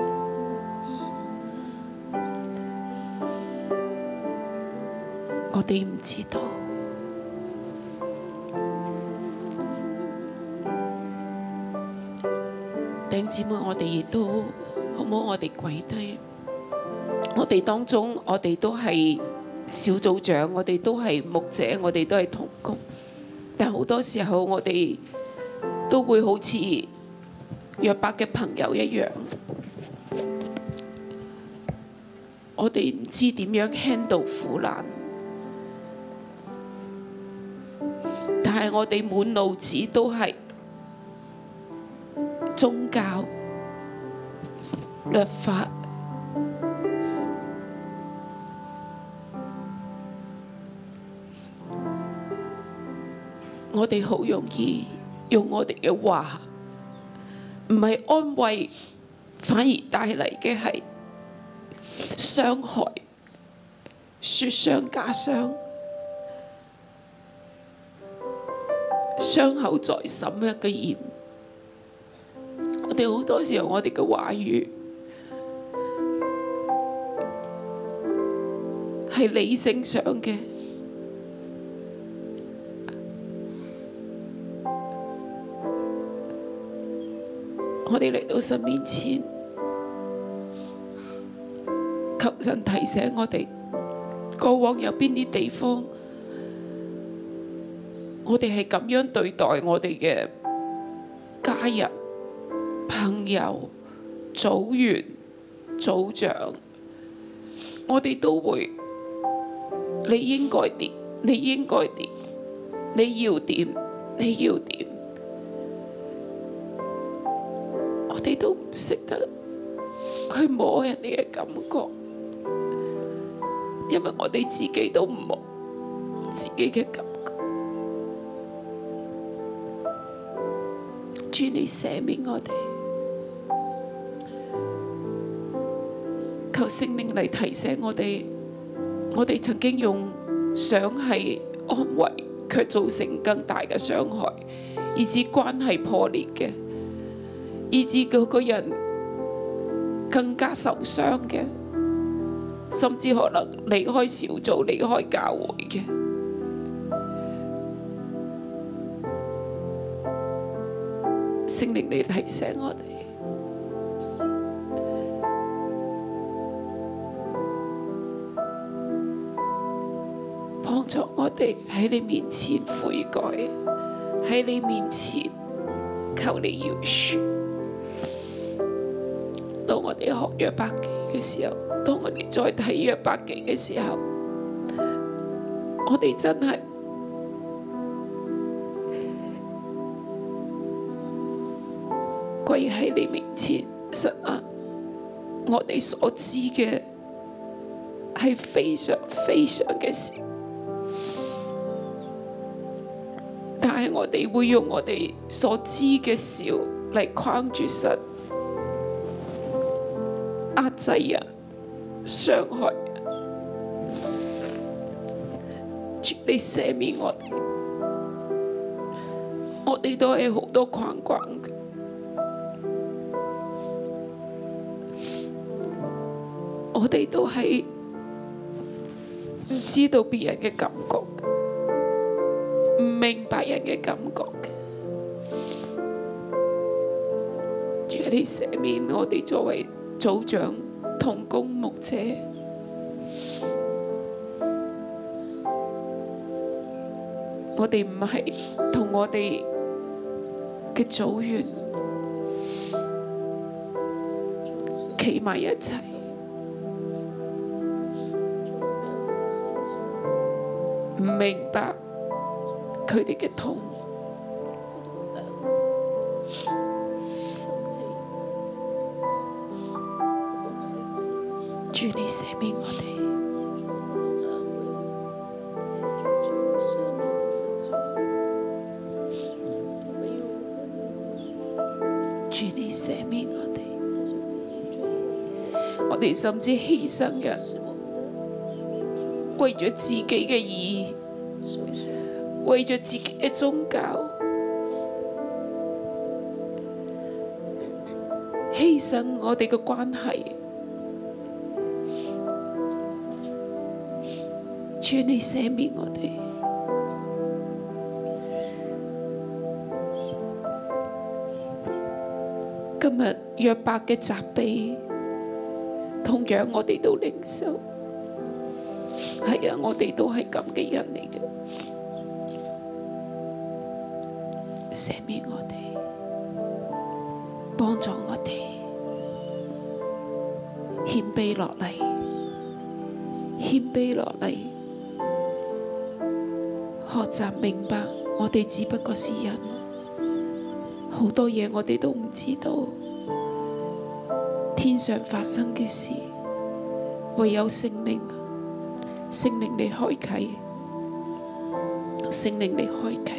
我哋唔知道。弟兄姊妹，我哋亦都好唔好？我哋跪低，我哋當中，我哋都係。小組長，我哋都係牧者，我哋都係同工，但好多時候我哋都會好似約伯嘅朋友一樣，我哋唔知點樣 handle 苦難，但係我哋滿腦子都係宗教律法。我哋好容易用我哋嘅話，唔係安慰，反而帶嚟嘅係傷害，雪上加霜，傷口再滲一個鹽。我哋好多時候，我哋嘅話語係理性上嘅。我哋嚟到神面前，求神提醒我哋過往有邊啲地方，我哋係咁樣對待我哋嘅家人、朋友、組員、組長，我哋都會。你應該點？你應該點？你要點？你要點？你都唔識得去摸人哋嘅感覺，因為我哋自己都唔摸自己嘅感覺。主，你赦免我哋，求聖靈嚟提醒我哋，我哋曾經用想係安慰，卻造成更大嘅傷害，以致關係破裂嘅。以致嗰個人更加受傷嘅，甚至可能離開小組、離開教會嘅。聖靈，你提醒我哋，幫助我哋喺你面前悔改，喺你面前求你饒恕。到我哋學約伯記嘅時候，當我哋再睇約伯記嘅時候，我哋真係跪喺你面前，神啊！我哋所知嘅係非常非常嘅少，但係我哋會用我哋所知嘅少嚟框住神。壓制人、傷害人，求你赦免我哋，我哋都係好多框框嘅，我哋都係唔知道別人嘅感覺，唔明白人嘅感覺嘅，求你赦免我哋作為。組長同工牧者，我哋唔係同我哋嘅組員企埋一齊，唔明白佢哋嘅痛。甚至犧牲人，為咗自己嘅義，為咗自己嘅宗教，犧牲我哋嘅關係。主你赦免我哋，今日約伯嘅責備。同樣我哋都領受，係啊，我哋都係咁嘅人嚟嘅，錫俾我哋，幫助我哋，謙卑落嚟，謙卑落嚟，學習明白，我哋只不過是人，好多嘢我哋都唔知道。天上發生嘅事，唯有聖靈，聖靈嚟開啟，聖靈嚟開啟，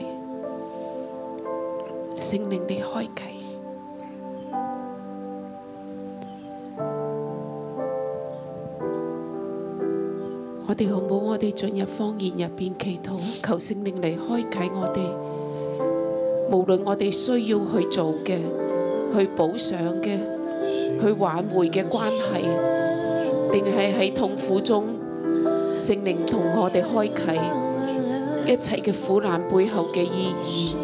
聖靈嚟開啟。 我哋好冇，我哋進入方言入邊祈禱，求聖靈嚟開啟我哋。無論我哋需要去做嘅，去補上嘅。去挽回嘅關係，定係喺痛苦中，聖靈同我哋開啟一切嘅苦難背後嘅意義。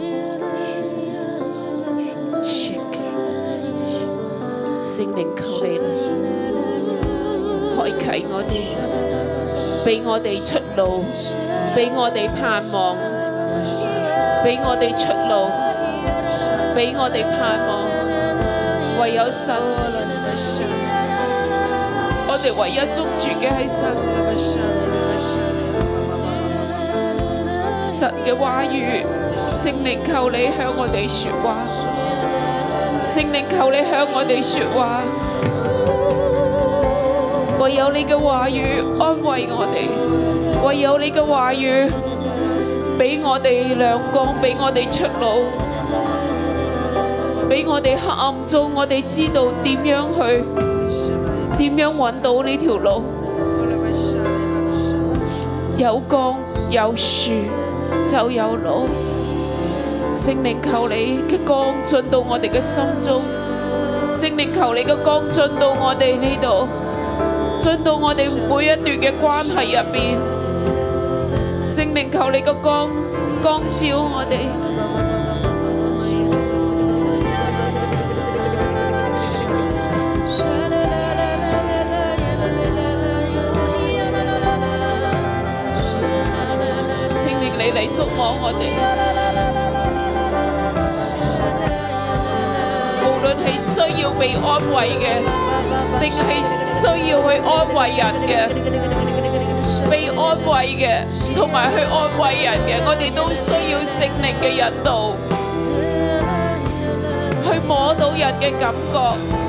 聖靈求你啦，開啟我哋，俾我哋出路，俾我哋盼望，俾我哋出路，俾我哋盼望。唯有神，我哋唯一捉住嘅係神。神嘅話語，聖靈求你向我哋說話，聖靈求你向我哋說話。唯有你嘅話語安慰我哋，唯有你嘅話語俾我哋亮光，俾我哋出路。俾我哋黑暗中，我哋知道點樣去，點樣揾到呢條路。有光，有樹，就有路。聖靈求你嘅光進到我哋嘅心中。聖靈求你嘅光進到我哋呢度，進到我哋每一段嘅關係入邊。聖靈求你嘅光光照我哋。嚟觸摸我哋，無論係需要被安慰嘅，定係需要去安慰人嘅，被安慰嘅，同埋去安慰人嘅，我哋都需要聖靈嘅引導，去摸到人嘅感覺。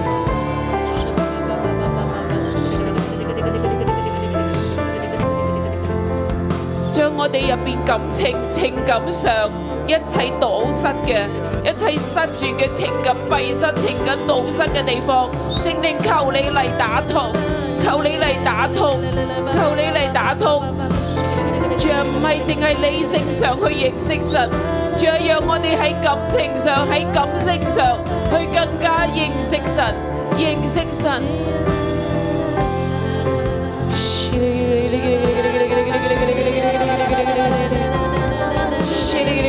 我哋入邊感情、情感上一切堵塞嘅、一切塞住嘅情感閉塞、情感堵塞嘅地方，聖靈求你嚟打通，求你嚟打通，求你嚟打通，絕唔係淨係理性上去認識神，仲係讓我哋喺感情上、喺感性上，去更加認識神、認識神。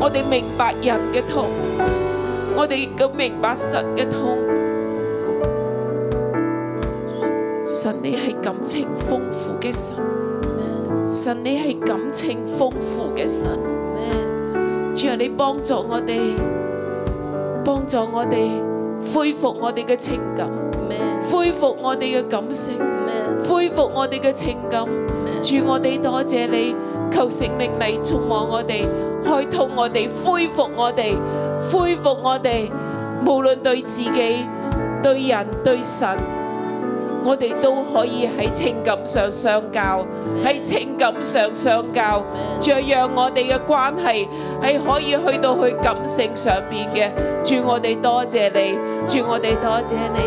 我哋明白人嘅痛，我哋更明白神嘅痛。神你係感情豐富嘅神，Amen. 神你係感情豐富嘅神。Amen. 主啊，你幫助我哋，幫助我哋恢復我哋嘅情感，Amen. 恢復我哋嘅感情，Amen. 恢復我哋嘅情感。Amen. 主我哋多謝你。求聖靈你觸摸我哋，開通我哋，恢復我哋，恢復我哋。無論對自己、對人、對神，我哋都可以喺情感上相交，喺情感上相交，再讓我哋嘅關係係可以去到去感性上邊嘅。主我哋多謝你，主我哋多謝你。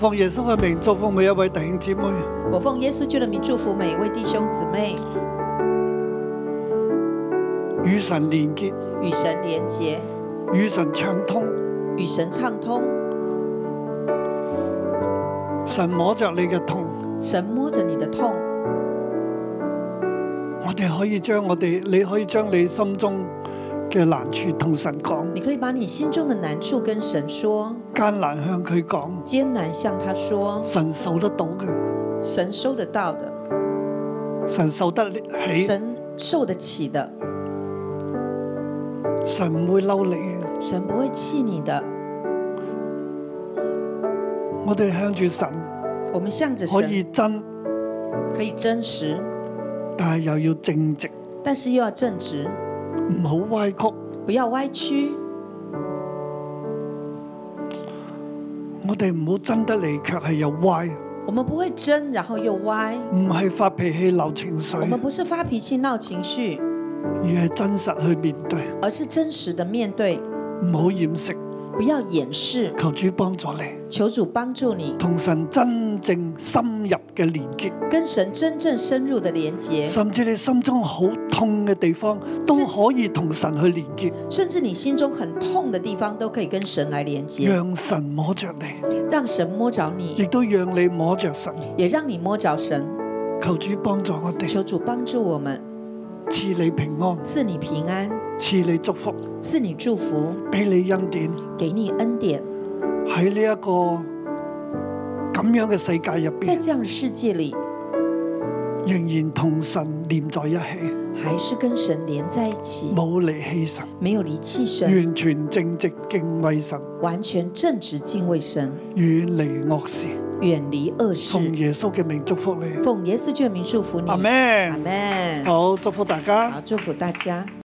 我奉耶穌嘅名祝福每一位弟兄姊妹。我奉耶穌嘅名祝福每一位弟兄姊妹。與神連結，與神連結，與神暢通，與神暢通。神摸着你嘅痛，神摸着你嘅痛。我哋可以將我哋，你可以將你心中嘅難處同神講，你可以把你心中的難處跟神說，艱難向佢講，艱難向他說，神受得到嘅，神收得到嘅；神受得起，神受得起的，神唔會嬲你，神不會氣你的。我哋向住神，我們向着神，可以真，可以真實，但係又要正直，但是又要正直。唔好歪曲，不要歪曲。我哋唔好爭得嚟，卻係又歪。我們不會爭，然後又歪。唔係發脾氣、鬧情緒。我們不是發脾氣、鬧情緒，而係真實去面對，而是真實的面對，唔好掩飾，不要掩飾，求主幫助你，求主幫助你，同神真正深入嘅連接，跟神真正深入嘅連接，甚至你心中好痛嘅地方都可以同神去連接，甚至你心中很痛嘅地方都可以跟神來連接，讓神摸着你，讓神摸着你，亦都讓你摸着神，也讓你摸着神，求主幫助我哋，求主幫助我們，賜你平安，賜你平安。賜你祝福，賜你祝福，俾你恩典，給你恩典。喺呢一個咁樣嘅世界入邊，在這樣的世界裏，仍然同神連在一起，還是跟神連在一起，冇離棄神，沒有離棄神，完全正直敬畏神，完全正直敬畏神，遠離惡事，遠離惡事，奉耶穌嘅名祝福你，奉耶穌嘅名祝福你，阿門，阿門。好，祝福大家，好，祝福大家。